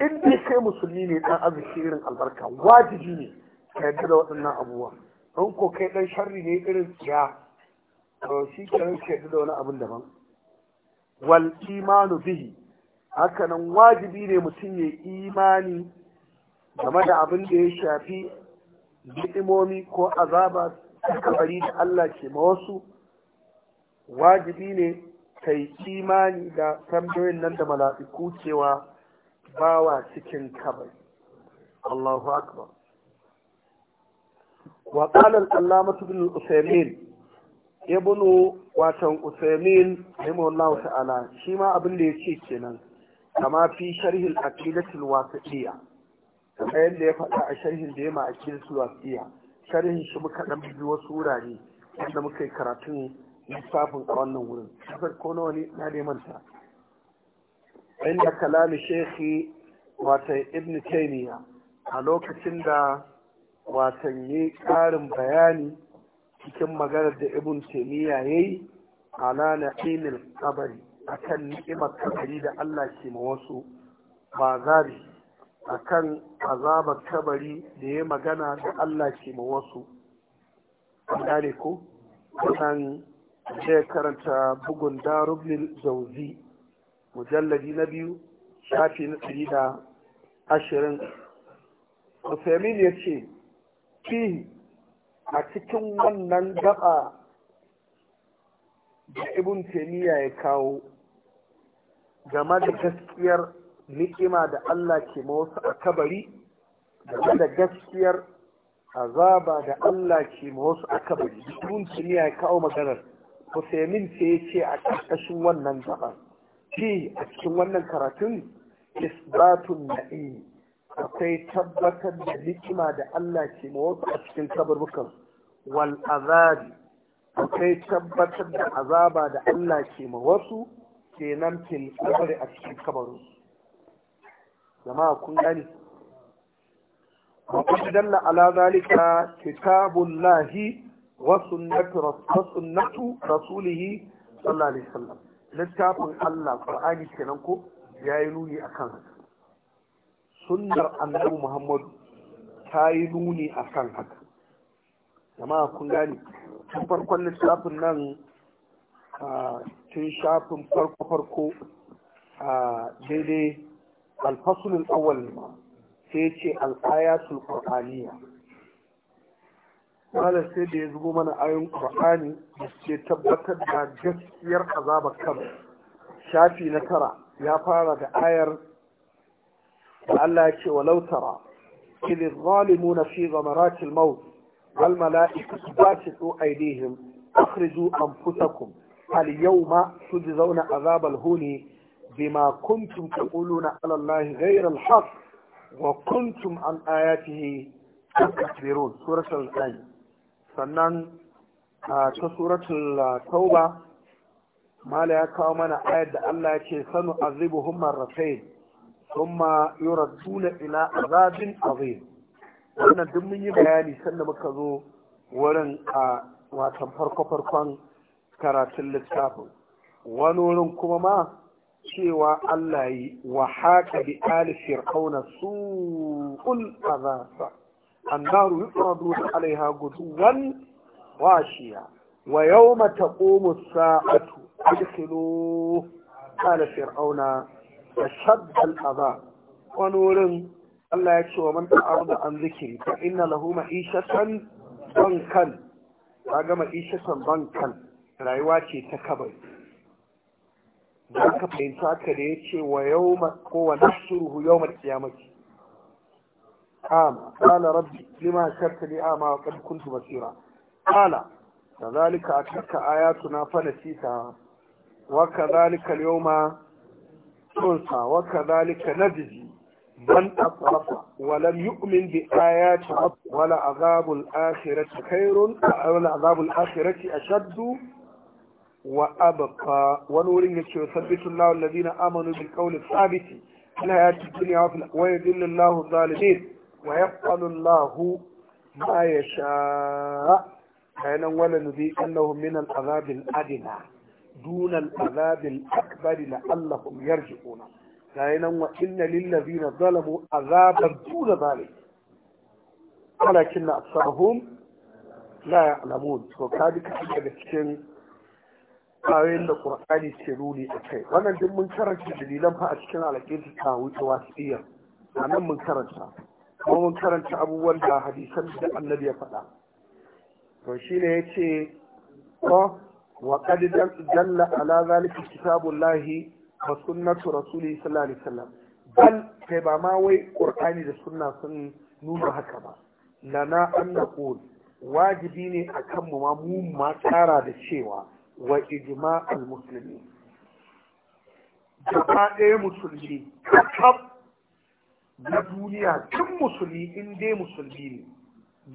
in dai kai musulmi ne dan arziki irin albarka wajibi ne ka yadda da waɗannan abubuwa in ko kai dan sharri ne irin ya to shi kenan ka yarda da wani abin daban wal imanu bihi hakanan wajibi ne mutum ya imani game da abin da ya shafi ni'imomi ko azaba kabari da Allah ke ma wasu wajibi ne kai kimani da tambayoyin nan da mala'iku cewa bawa cikin kabari Allahu akbar wa qala al-allama ibn usaymin ibnu watan usaymin rahimahullahu ta'ala shi ma abin da yake kenan kama fi sharhi al al kamar yadda ya faɗa a sharhin da ya ma a cikin wasiya sharhin shi muka ɗan biyu wasu wurare wanda muka yi karatun lissafin a wannan wurin kasar ko nawa ne na neman ta inda kalami shekhi wata ibn taymiya a lokacin da watan yi ƙarin bayani cikin maganar da ibn taymiya ya yi ala na'imil kabari akan ni'imar kabari da Allah ke ma wasu ba zari akan azabar kabari da ya magana da Allah ke ma wasu gane ko wannan zai karanta bugun darubin zauzi mujalladi na biyu shafi na da ashirin Musamman ya ce fihi a cikin wannan gaba da ibun taymiya ya kawo game da gaskiyar ni'ima da Allah ke ma wasu a kabari game da gaskiyar azaba da Allah ke ma wasu a kabari dukkan kimiyya ya kawo maganar ku Hussein ce ya ce a ƙarƙashin wannan gaba shi a cikin wannan karatun isbatun na'im akwai tabbatar da ni'ima da Allah ke ma wasu a cikin kaburbukan wal azabi akwai tabbatar da azaba da Allah ke ma wasu ke nan fil kabari a cikin kabarin jama'a kun gani وقد دل على ذلك كتاب الله وسنة وسنة رسوله صلى الله عليه littafin Allah Qur'ani kenan ko ya yi nuni a kan haka sunnar annabi Muhammadu ta yi nuni a kan haka jama'a kun gane tun farkon littafin nan tun shafin farko-farko daidai الفصل الأول سيتي الآيات القرآنية قال سيدي يزبو من آيون قرآني يتبتد مع جسير عذاب الكبر شافي نترى يا فارة آير الله يتي ولو ترى إذ الظالمون في غمرات الموت والملائكة باسطوا أيديهم أخرجوا أنفسكم اليوم تجزون عذاب الهون بما كنتم تقولون على الله غير الحق وكنتم عن آياته تستكبرون سورة الآن سنن كسورة التوبة ما لا يكاو من آية الله كي سنعذبهم مرتين ثم يردون إلى عذاب عظيم wannan duk mun yi bayani sanda muka zo wurin a watan farko-farkon karatun littafin wani wurin kuma ma cewa Allah yi wa haka bi ali fir'auna su'ul azasa annaru yuqraduna alaiha guduwan washiya wa yawma taqumu as-sa'atu adkhilu ala fir'auna ashadda al-azab Wani wurin, Allah ya ce wa man ta'arada an zikri fa inna lahu ma'ishatan bankan ka ga ma'ishatan bankan rayuwa ce ta kabari da ka fahimta ka da ya ce wa yau ko wa nasuruhu yau mai kiyamaki ama qala rabbi lima kartani ama wa qad kuntu basira qala kadhalika ataka ayatuna fa nasita wa kadhalika al-yawma tunsa wa kadhalika najzi man asrafa wa lam yu'min bi ayati rabbih wa la adhabul akhirati khairun wa la adhabul akhirati ashaddu wa abqa wani wurin ya yace wa sabbitu Allahu alladhina amanu bil qawli thabit fil hayati dunya wa fil wa yudillu Allahu zalimin wa yaqbalu Allahu ma yasha nan wala nubi annahum min al azab al adna dun al azab al akbar la'allahum yarji'una kayanan wa inna lil ladhina zalamu azaban dun zalik walakin aksarhum la ya'lamun to kadi daga cikin ayoyin da Kur'ani ke nuni a kai wannan duk mun karanta dalilan fa a cikin alaƙin ta wuce iya. a nan mun karanta kuma mun karanta abubuwan da hadisan da annabi ya faɗa to ya ce ko wa qad dalla ala zalika kitabullahi wa sunnatu rasuli sallallahu alaihi wasallam bal kai ba ma wai qur'ani da sunna sun nuna haka ba lana an naqul wajibi ne akan mu ma mu ma tsara da cewa wa المسلمين al-muslimi gaba ɗaya musulmi مسلمين na duniya tun musulmi in dai musulmi ne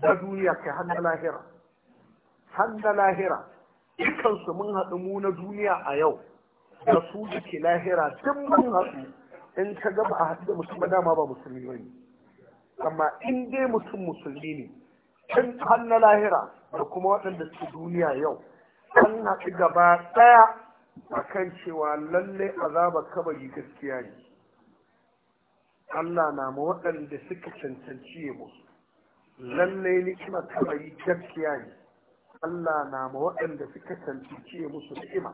na duniya kai har na lahira lahira mun haɗu mu na duniya a yau da su da ke lahira tun mun haɗu in ka gaba a haɗu da mutum dama ba musulmi ba ne amma in dai mutum musulmi ne tun har lahira da kuma waɗanda su duniya yau Allah ci gaba ɗaya a kan cewa lalle azaba kabari gaskiya ne Allah na ma waɗanda suka cancanci musu. lalle ni'imar kabari gaskiya ne Allah na ma waɗanda suka cancanci yabo musu ni'ima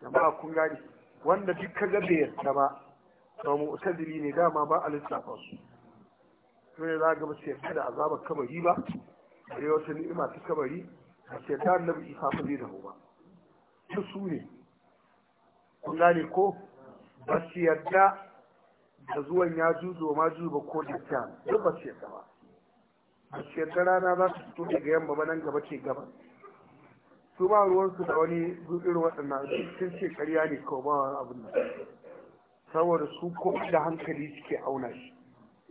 jama'a kun gani wanda duk ga bai yarda ba to mu'tazili ne dama ba a lissafa su to ne za ga ba su yarda da azabar kabari ba bare wata ni'ima ta kabari a shekara bai isa ba zai dawo ba su su ne kun gane ko ba su yarda da zuwan ya juzo ma juzo ba ko dukkan duk ba su yarda ba a shekara rana za su fito daga yamma ba nan gaba ce gaba su ba ruwansu da wani zuɗin waɗannan sun ce ƙarya ne kawai ba wani abin nan saboda su ko da hankali suke auna shi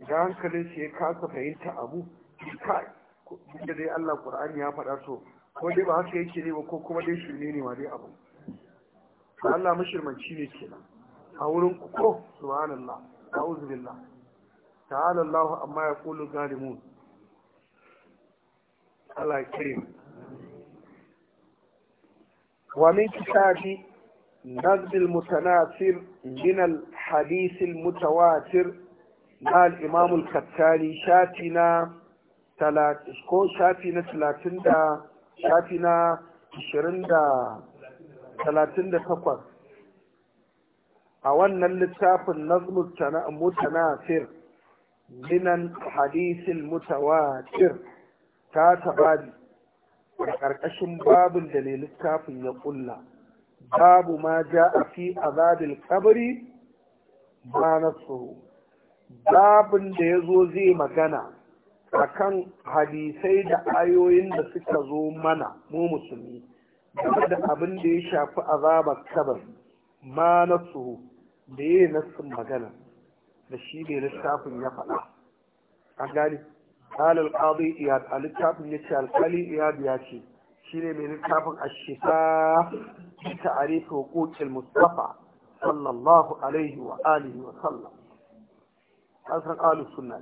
idan hankalin su ya kasa fahimta abu kai da dai Allah ƙur'ani ya faɗa so ko dai ba haka yake ne ba ko kuma dai shi ne ma dai abu Allah mashirmanci ne kenan a wurin ku ko subhanallah a'udhu billah ta'ala Allah amma ya qulu zalimun Allah ya wa min kitabi نقد المتناثر من الحديث المتواتر مع الإمام الكتاني شاتنا ثلاث شاتنا ثلاثين shafi na 38 a wannan littafin nazmul mutanafir minan hadisin mutawatir ta tababi a ƙarƙashin babin da ne littafin ya ƙulla babu ma ja a fi azabil kabari ma tsoro, babin da ya zo zai magana akan hadisai da ayoyin da suka zo mana mu musulmi game da abin da ya shafi azabar kabar ma na su da ya yi nassin magana da shi ne littafin ya faɗa a gani al alƙadi iyad a littafin ya ce al iyad ya ce shi ne mai littafin a shifa shi ta arifa wa kokil mustafa sallallahu alaihi wa alihi wa sallam. Hazrat Ali Sunnah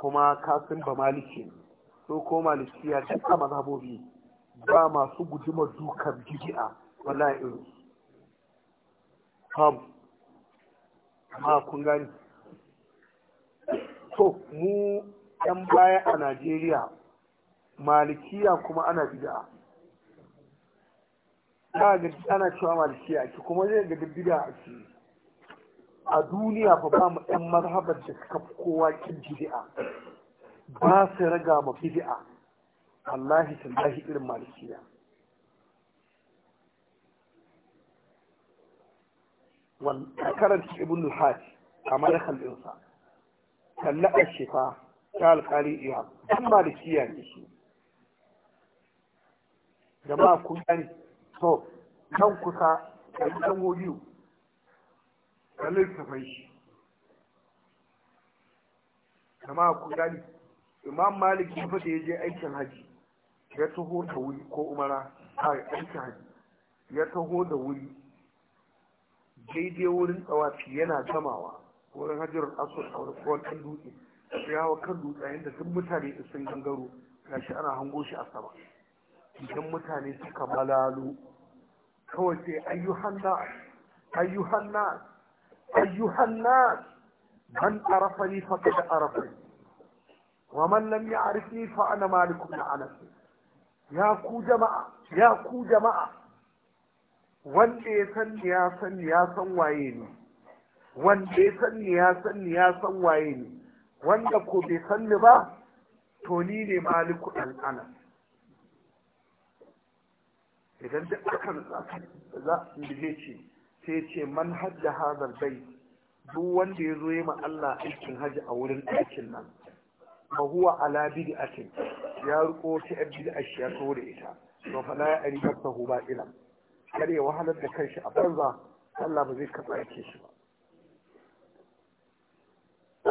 kuma kasin ba maliki so ko ya duk a mazhabobi ba masu gudumar dukan bid'a wallahi irin ham ma kun gani to mu yan baya a Najeriya malikiya kuma ana bid'a ana cewa malikiya ki, kuma zai ga bid'a ciki a duniya ba ba mu ɗan marhaban da suka fi kowa kin bid'a ba su raga ma Allahi wallahi tallahi irin malikiya karanta ibn al-hajj a madakan ɗinsa kalla a shifa ta alƙari iya ɗan malikiya ne shi jama'a kun gani so kan kusa ɗan ɗan da littafai shi kama ku gani imam malik ya fita ya je aikin haji ya taho da wuri ko umara a aikin haji ya taho da wuri daidai wurin tsawafi yana gamawa wurin hajjar asur a wurin kan dutse sai hawa kan dutse yadda duk mutane da sun gangaro gashi ana hango shi a sama idan mutane suka malalo kawai sai ayyuhan na ayyuhan na أيها الناس من عرفني فقد عرفني ومن لم يعرفني فأنا مالك بن أنس يا كو جماعة يا كو جماعة wanda ya san ya san ya wanda ya san ya san ya wanda ko bai san ba to ni ne maliku Ana. idan duk akan za su ce sai ce man hajja hazar bai duk wanda ya zo yi ma Allah aikin hajji a wurin aikin nan ba huwa ala bid'atin ya riko ta yar a shi ya da ita to fa la ya'ri nafsahu ba ilam kar ya wahalar da kanshi a banza Allah ba zai karɓa ake shi ba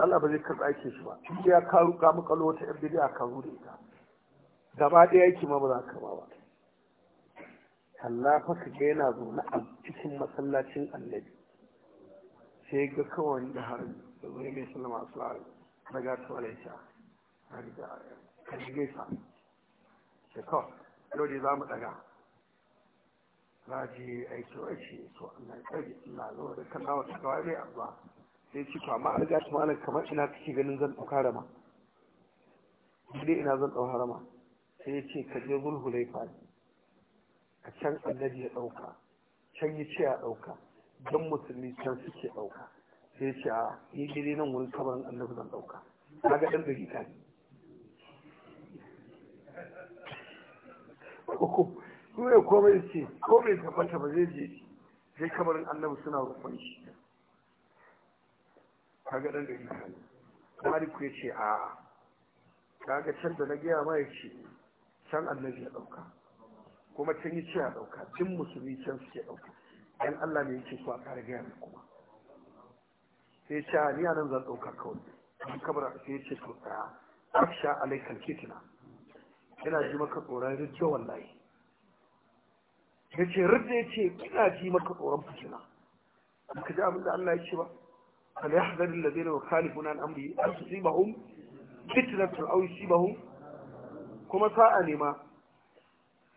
Allah ba zai karɓa ake shi ba in ya karu ka makalo ta yar bid'a ka zo da ita gaba ɗaya yake ma ba za ka ba ba kalla su ke yana zaune a cikin masallacin annabi sai ga kawai da har zai mai sallama su a daga tuwalaita a riga kalgaisa da kawai yau da za mu daga za ji aiki wa ce so Allah ya tsari zo da kalla ta kawai mai abuwa sai ci kwama a riga tuwalan kamar ina kake ganin zan ɗauka rama dai ina zan ɗauka rama sai ya ce ka je zulhulaifa ne a can annabi ya ɗauka can yi ce a ɗauka don musulmi can suke ɗauka sai ce a yi gire nan wurin kabarin annabi zan ɗauka ga ɗan gari ta ne ko ya komai ce ko bai tabbata ba zai je zai kabarin annabi suna rufon shi ta. ga ɗan gari ta kamar ku ya ce a kaga can da na gaya ma ya ce can annabi ya ɗauka kuma can yi ce a ɗauka duk musulmi can suke ɗauka yan Allah ne yake so a ƙara gaya mai kuma sai ce a ni nan zan ɗauka kawai an kamar sai ce to ɗaya afsha alaikal kitina yana ji maka tsoron rijiyar wallahi ya ce rijiyar ya ce kina ji maka tsoron fitina ka ji abin da Allah ya ce ba ala da wakali kuna an amri asibahum yi aw hun kuma sa'a ne ma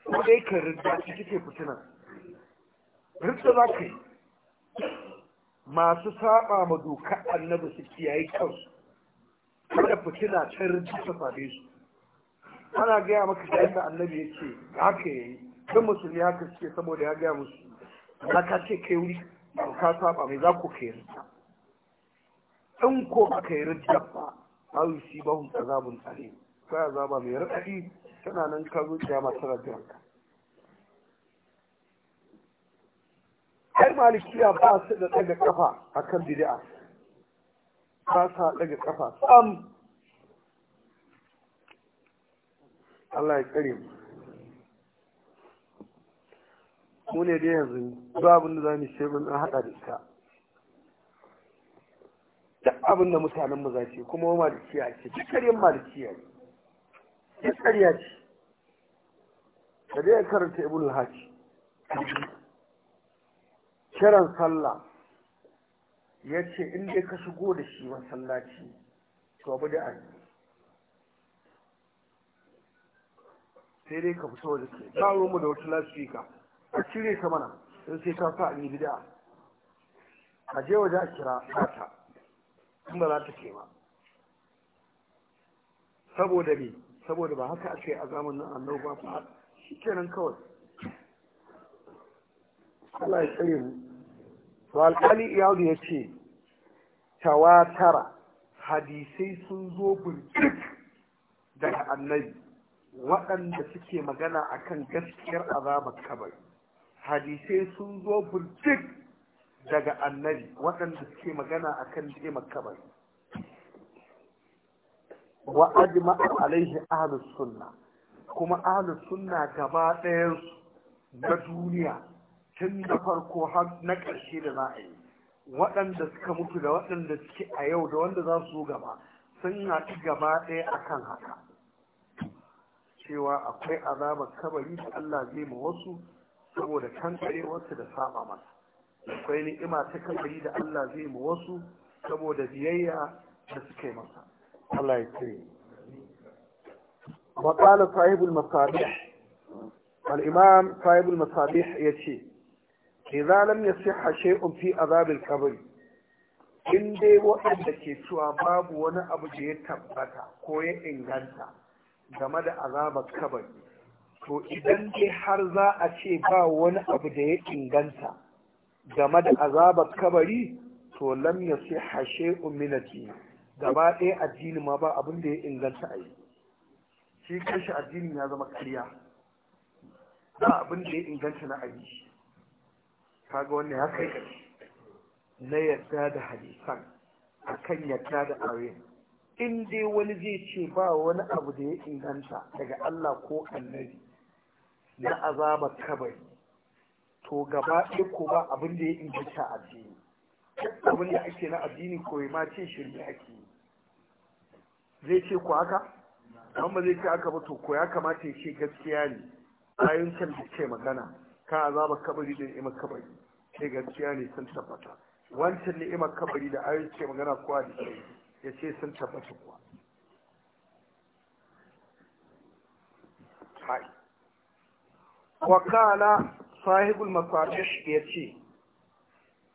ko ka rinda ciki ke fitina rinda za ka yi masu saba ma doka annabi su kiyaye kansu kada fitina ta rinda ta same su ana gaya maka da yadda annabi ya ce haka ya yi kan musulmi haka suke saboda ya gaya musu za ka ce kai wuri ka saba mai za ku kai rinda in ko aka yi rinda ba a yi si ba hun azabun tsare sai azaba mai raɗaɗi tana nan ka zuciya masu rajin ai malikiya ba su da daga kafa a kan bid'a ba sa daga kafa sam Allah ya kare mu mu ne dai yanzu ba abin da za mu shi mun an haɗa da ita duk abin da mutanen mu za ce kuma malikiya ce duk karyan malikiya ne ya ƙarya ce da karanta kiran sallah ya ce in dai ka shigo da shi masallaci to abu da ayi sai dai ka fito waje ke ba mu da wata lasfika a cire ta mana sai sai ka sa a yi bida a je waje a kira kata Kuma za ta ke ba saboda me saboda ba haka ake a zamanin annabi ba fa shi kawai Allah ya tsare mu to alƙali iyadu ya ce tawatara hadisai sun zo burkit daga annabi waɗanda suke magana akan gaskiyar azabar kabari hadisai sun zo burkit daga annabi waɗanda suke magana akan jemar kabari wa ajma alaihi ahlus sunna kuma ahlus sunna gaba ɗayan na duniya tun da farko har na ƙarshe da za yi waɗanda suka mutu da waɗanda suke a yau da wanda za su gaba sun haɗu gaba ɗaya a kan haka cewa akwai azabar kabari da Allah zai ma wasu saboda kan kankare wasu da saba masa akwai ni'ima ta kabari da Allah zai ma wasu saboda biyayya da suke masa Allah ya ce wa sahibul masabih al sahibul masabih yace idza lam yasihha shay'un fi azab kabari in dai waɗanda ke cewa babu wani abu da ya tabbata ko ya inganta game da azabar kabari to idan dai har za a ce ba wani abu da ya inganta game da azabar kabari to lam yasihha shay'un min ad gaba ɗaya addini ma ba abin da ya inganta a yi shi kanshi addinin ya zama ƙarya ba abin da ya inganta na a yi kaga wani ya kai ƙarshe na yarda da hadisan a kan yarda da ayoyin in dai wani zai ce ba wani abu da ya inganta daga Allah ko annabi na azabar kabari to gaba ɗaya ko ba abin da ya inganta addini abin da ake na addini ko ma ce shirme ake zai ce ku haka an ba zai ce aka ba to ko ya kamata ya ce gaskiya ne bayan can da ce magana a zaba kabari da ni'imar kabari ce gaskiya ne sun tabbata wancan ni'imar kabari da ayon ce magana kowa da ke ya ce sun tabbata kuwa wakala sahibul masafish ya ce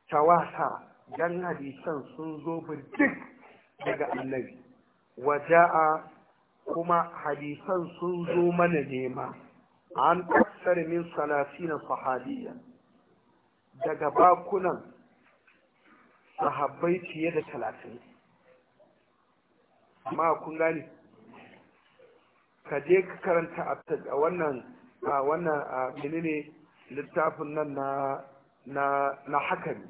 tawasa dan hadisan sun zo birtik daga annabi waja'a kuma hadisan sun zo mana nema an aksar min salatina sahabiyya daga bakunan sahabbai fiye da talatin amma kun gani ka je ka karanta a wannan a wannan a menene littafin nan na na na hakami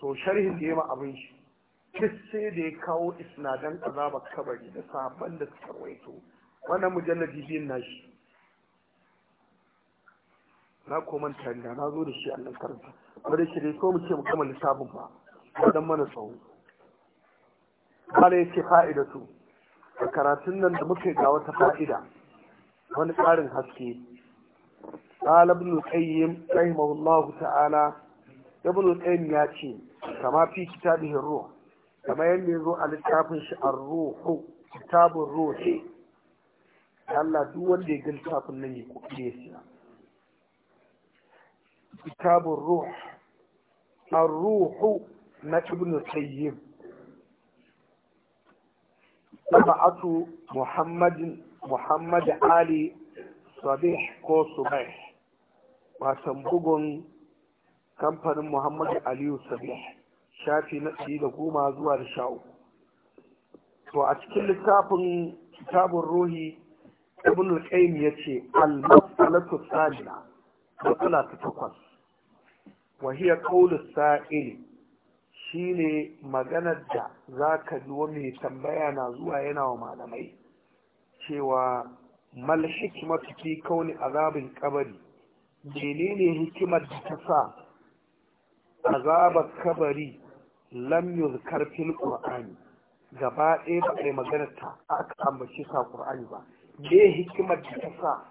so sharhin da abinci. abin shi kisse da ya kawo isnadan azabar kabari da sabon da suka waito wannan mujalladi biyun nashi na koman tanda na zo da shi a nan karanta wadda shi dai so mu ce mu kama lissafin ba wadan mana tsawo kala ya ce fa'idatu a karatun nan da muke ga wata fa'ida wani ƙarin haske قال ابن القيم رحمه الله تعالى ابن القيم ياتي كما في كتابه الروح kamar yadda ya zo a littafin shi a ruhu kitabun ruhi Allah duk wanda ya gani littafin nan ya kuɗi ya siya kitabun ruh الروح na ibn qayyim sab'atu muhammadin muhammad ali sabih ko subih wasan bugun kamfanin muhammad aliyu sabih shafi na ɗari da goma zuwa da sha uku to a cikin littafin kitabun ruhi ibn al-qayyim yace al-mas'alatu thamina matsala ta takwas wa hiya qawlu sa'ili shine maganar da zaka ji mai tambaya na zuwa yana wa malamai cewa mal hikmatu fi kauni azabin kabari menene hikimar da ta sa azabar kabari lam yuzkar fil qur'ani gaba ɗaya ba a magana ta aka ambace ta qur'ani ba me hikimar da ta sa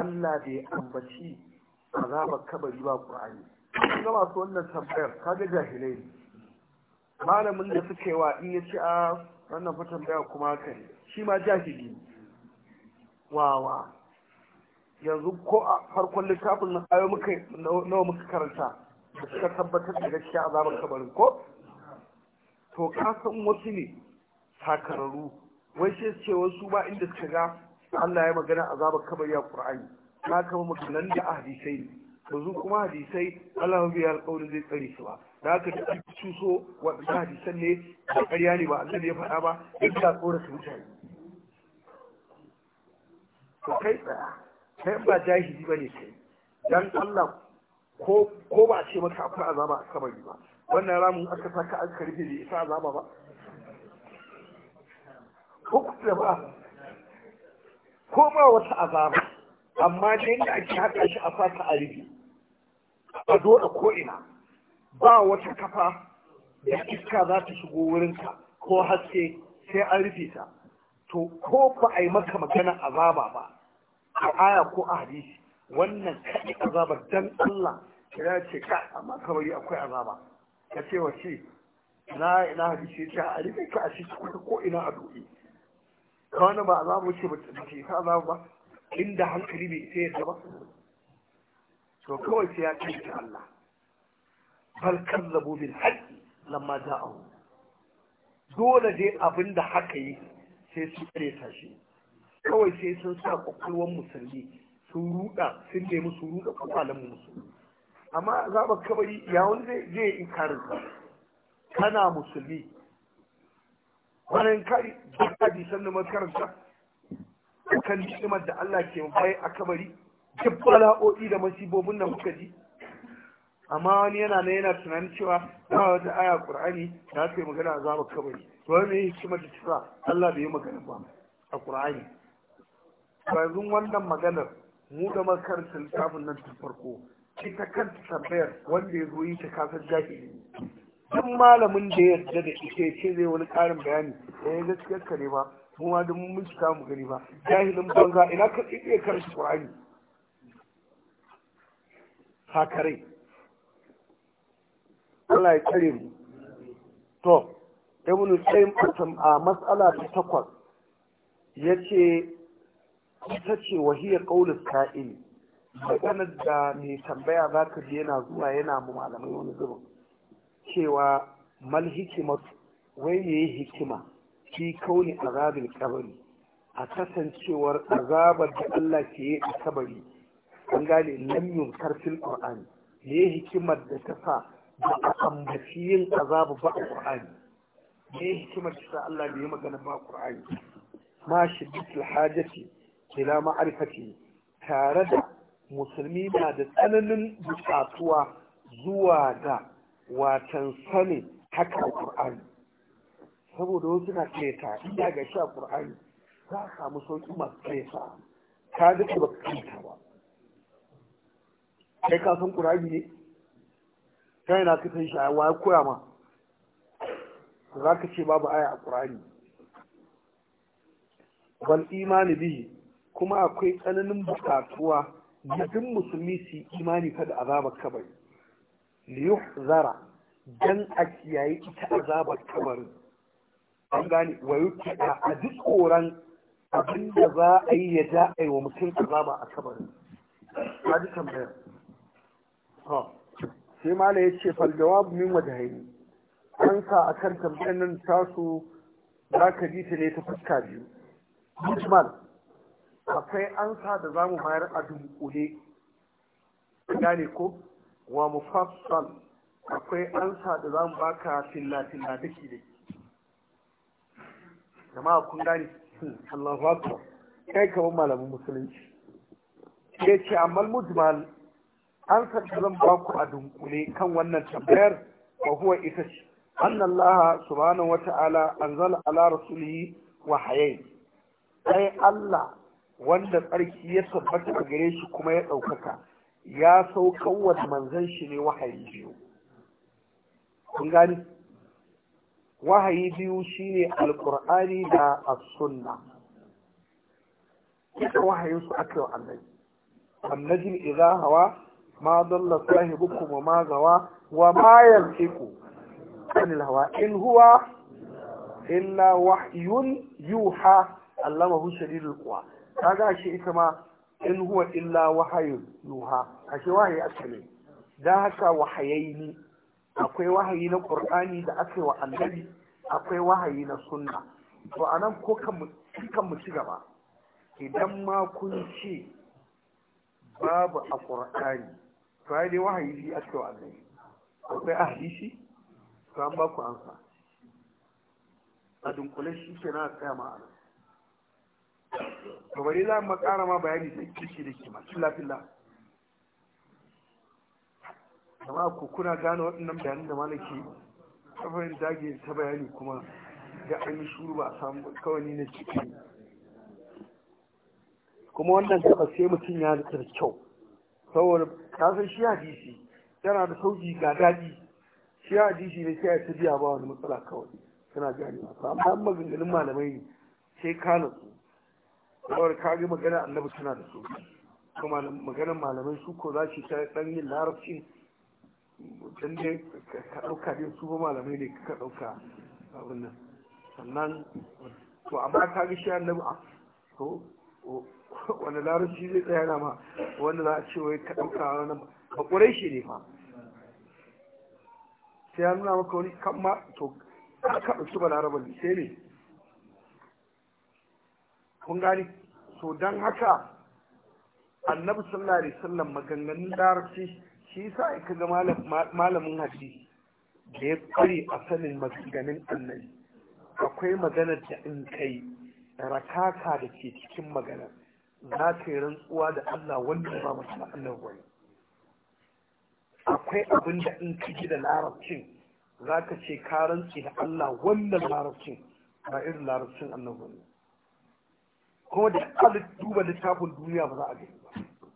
Allah bai ambaci azaba kabari ba qur'ani kuma masu wannan tambayar kaga jahilai ne malamin da suke wa in ya ce a wannan fa tambaya kuma haka ne shi ma jahili wawa yanzu ko a farkon littafin na ayo muka nawa muka karanta da suka tabbatar da gaskiya azaban kabarin ko to ka san wasu ne sakararru wai sai ce wasu ba inda suka ga Allah ya magana azabar kabari a Qur'ani na kama maganan da hadisai ne yanzu kuma hadisai Allah ya alƙawarin zai tsare su ba da haka da ake cuso waɗanda hadisan ne a ƙarya ne ba Allah ya faɗa ba in ka tsora su mutane to kai tsaya kai ba jahili ne kai dan Allah ko ba a ce maka akwai azaba a yi ba wannan ramin aka saka an karfe da isa azaba ba ko kuma ba ko ba wata azaba amma dai da ake haka shi a fata a rufe a dole ko ina ba wata kafa da iska za ta shigo wurinka ko haske sai an rufe ta to ko ba a yi maka magana azaba ba a aya ko a hadisi wannan kaɗi azabar dan Allah kira ce ka amma kamar akwai azaba ka ce wa ce na ina hadisi ta a rufe ka a ciki kuka ko ina a doɗe ka wani ba za mu ce ba ta za mu ba inda hankali bai isa yadda ba to kawai sai ya kai ta Allah bal kazzabu bil haqqi lamma ja'ahu dole dai abinda haka yi sai su kare ta shi kawai sai sun sa kwakwalwar musulmi sun ruɗa, sun nemi su ruɗa kwakwalen musulmi amma za ba ka kabari ya wani zai je inkarin Ka kana musulmi wannan kari duk san da makaranta kan ni'imar da Allah ke bai a kabari duk bala'o'i da masibobin da muka ji amma wani yana nan yana tunanin cewa ba wata aya qur'ani da ta yi magana azabar kabari to wani yi hikimar da Allah bai yi magana ba a qur'ani yanzu wannan maganar mu da makarantar littafin nan ta farko ita kanta tambayar wanda ya zo yi ta kasar jahili duk malamin da ya yarda da ita ce zai wani karin bayani ya eh, gaskiyar ka ne ba mu ma duk mun cika mu gani ba jahilin banza ina ka iya karshe qur'ani hakare Allah ya kare mu to ibn qayyim a mas'ala ta takwas yace ita ce wahiyar qaulus ka'ili maganar da mai tambaya za ka ji yana zuwa yana mu malamai wani zubin cewa mal hikimatu wai ne yi hikima fi kauni azabin kabari a kasancewar azabar da Allah ke yi a kabari an gane lam yunkar fil qur'ani ne hikimar da ta sa ba a ambaci yin azabu ba a qur'ani ne hikimar da sa Allah bai magana ba a qur'ani ma shiddatul hajati ila ma'rifati tare da musulmi na da tsananin bukatuwa zuwa ga watan sani haka ƙur'ani. saboda wasu na keta iya ga sha ƙur'ani, za a samu sauki masu keta ka ga ba ka ba kai ka san Qur'ani ne kai na kasan shi wa ya koya ma za ka ce babu aya a ƙur'ani. wal imani bihi kuma akwai tsananin bukatuwa yadin musulmi su imani fa da azabar kabari zara dan a kiyaye ita azabar kabarin an gane wa yuqta a duk koran abin da za a yi ya ja a yi wa mutum azaba a kabarin ba ji tambayar sai mala ya ce fal jawab min wajhaini an sa kan tambayar nan tasu za ka ji ta ne ta fuska biyu mujmal akwai ansa da za mu bayar a dunkule gane ko wa mu fafsal akwai ansa da za mu baka filla-filla daki da jama'a kun gane Allahu ku kai kamar malamin musulunci Ke ce amma mujmal an da zan baku a dunkule kan wannan tambayar wa huwa ita ce annallaha subhanahu an zala ala rasulihi wa hayayi Sai Allah wanda tsarki ya tabbata a gare shi kuma ya ɗaukaka ya saukan wa manzan shi ne wahayi biyu kun gani wahayi biyu shi ne alƙur'ani da asunna sunna wahayin su aka yi annabi annajin idan hawa ma dalla sahibukum wa ma gawa wa ma ku? anil hawa in huwa illa wahyun yuha allamahu shadidul quwa kaga shi ita ma in huwa illa wahayun yuha ashe wahayi aka ne dan haka ne akwai wahayi na qur'ani da aka wa annabi akwai wahayi na sunna to anan ko kan mu ci gaba idan ma kun ce babu a qur'ani to ai dai wahayi ne aka wa annabi akwai hadisi to an ba ku ansa a dunkule shi kenan a tsaya ma'ana to bari za mu karama ma bayani sai kishi da kima filla filla amma ku kuna gane waɗannan bayanan da malaki kafarin dage ta bayani kuma ga an yi shuru ba a samu ne na ciki kuma wannan gaba sai mutum ya da kyau saboda kasan shi hadisi yana da sauki ga daɗi shi hadisi ne sai a ta biya ba wani matsala kawai suna gane amma maganganun malamai ne sai kano kawar kage magana annabi suna da su kuma maganar malamai su ko za su ta dan yin larabci dan ne ka ɗauka din su ba malamai ne ka ɗauka abin nan sannan to amma ka ga shi annabi a ah, to wani larabci zai tsaya na ma wanda za a ce wai ka ɗauka wani ba ƙurai shi ne fa sai ya nuna maka wani kan ma to ka ɗauki ba larabar sai ne kun gani so don haka annabi sallallahu alaihi wasallam maganganun larabci shi yasa aka ga malamin hadisi da ya kware a sanin maganganun annabi akwai maganar da in kai rakaka da ke cikin maganar za ka yi rantsuwa da Allah wanda ba masu annabi wani akwai abin da in ka ji da larabcin za ka ce ka rantsi da Allah wannan larabcin ba irin larabcin annabi wani kuma da alif duba littafin duniya ba za a gani ba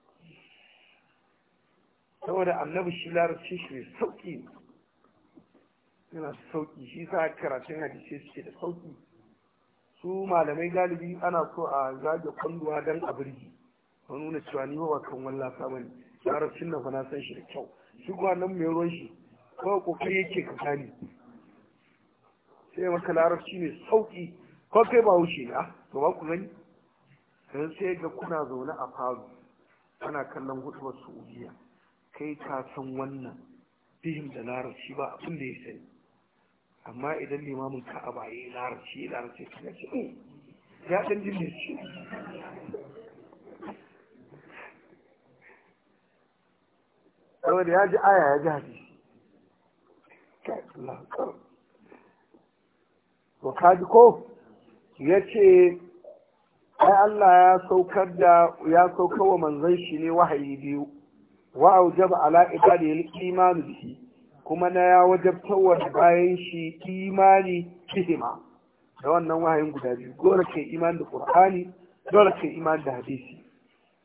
saboda annabi shi larabci shi mai sauƙi yana sauƙi shi sa karatun hadisi suke da sauƙi su malamai galibi ana so a zage kwalluwa don a birgi a nuna cewa ni ba kan walla samun larabcin nan na san shi da kyau shi kuma nan mai ruwan shi kawai kokai yake ka gani sai maka larabci mai sauƙi ko kai ba wuce na ah, ba ku gani sai sai ga kuna zaune a faru ana kallon hutuwar ubiya. kai ka san wannan bihim da larabci ba abin da ya sani amma idan limamin ka ya larabci larabci ka ga shi ya dan jin ne shi saboda ya ji aya ya ji hadisi kai Allah wa kaji ko ya ce ai Allah ya saukar da ya saukar wa manzon shi ne wahayi biyu wa aujaba ala ibadi al-iman bihi kuma na ya wajabta wa bayan shi imani bihima da wannan wahayin guda biyu dole ke iman da qur'ani dole ke iman da hadisi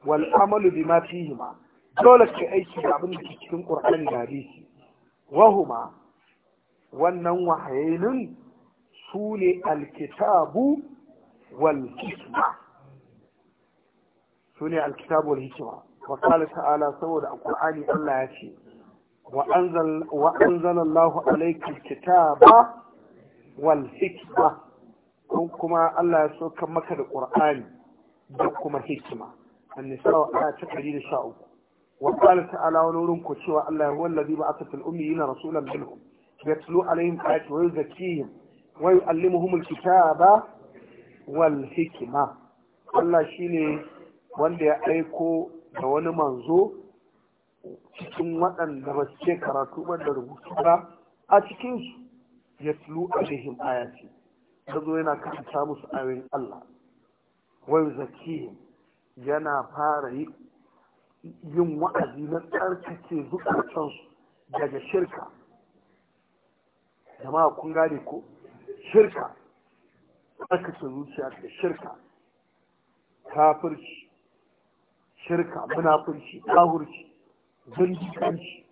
wal amalu bima fihima dole ke aiki da abin da ke cikin qur'ani da hadisi wahuma wannan wahayin su ne alkitabu wal hikma Su ne wal hikima wa qala ta'ala saboda alqur'ani Allah ya ce wa anzal wa anzalallahu alayka wal hikma kun kuma Allah ya saukar maka da ƙur'ani da kuma hikima an-nisa wa ayat 113 wa qala ta'ala wa nurun ku cewa Allah ya wallazi ba'atha fil ummiyina rasulan minhum yatlu alaihim ayati wa yuzakkihim wa yu'allimuhum alkitaba wal hikima. Allah shine wanda ya aiko da wani manzo cikin waɗanda ba su karatu ba da rubutu ba a cikinsu ya tulu alaihim ayati ta zo yana karanta musu ayoyin Allah wai zaki yana fara yin wa'azi na tsarkake zukatansu daga shirka jama'a kun gane ko shirka tsarkake zuciya daga shirka kafirci shirka munafurci kahurci zindikanci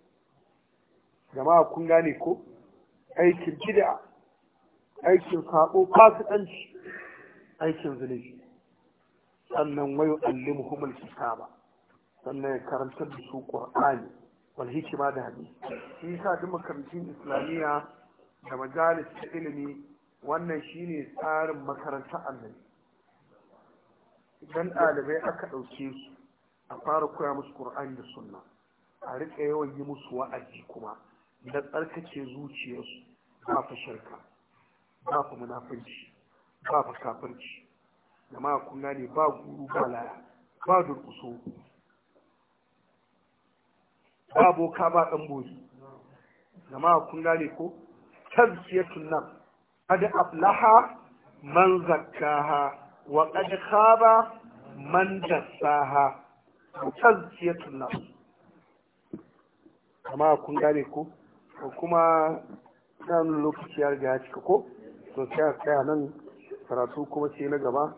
jama'a kun gane ko aikin bid'a aikin sabo fasikanci aikin zunubi sannan wayo allimuhumul kitaba sannan ya karantar da su qur'ani wal hikima da hadisi shi yasa duk makarantun islamiyya da majalis ilimi wannan shine tsarin makarantar annabi idan ɗalibai aka ɗauke su a fara koya musu ƙur'ani da sunna a riƙa yawan yi musu wa'azi kuma da tsarkace zuciyarsu ba fa shirka ba fa munafunci ba fa kafirci jama'a kun gane ba guru ba laya ba durƙuso ba boka ba ɗan bori jama'a kun gane ko tazkiyatun nan Kada aflaha man zakkaha wa qad khaba man dassaha tazkiyatun nas amma kun gane ko ko kuma nan lokaci ya riga ya cika ko to sai a tsaya nan karatu kuma sai na gaba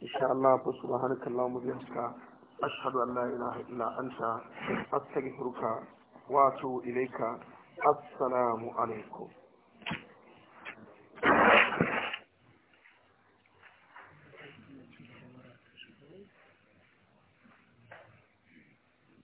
insha Allah fa subhanaka allahumma bihamdika ashhadu an la ilaha illa anta astaghfiruka wa atubu ilayka assalamu alaikum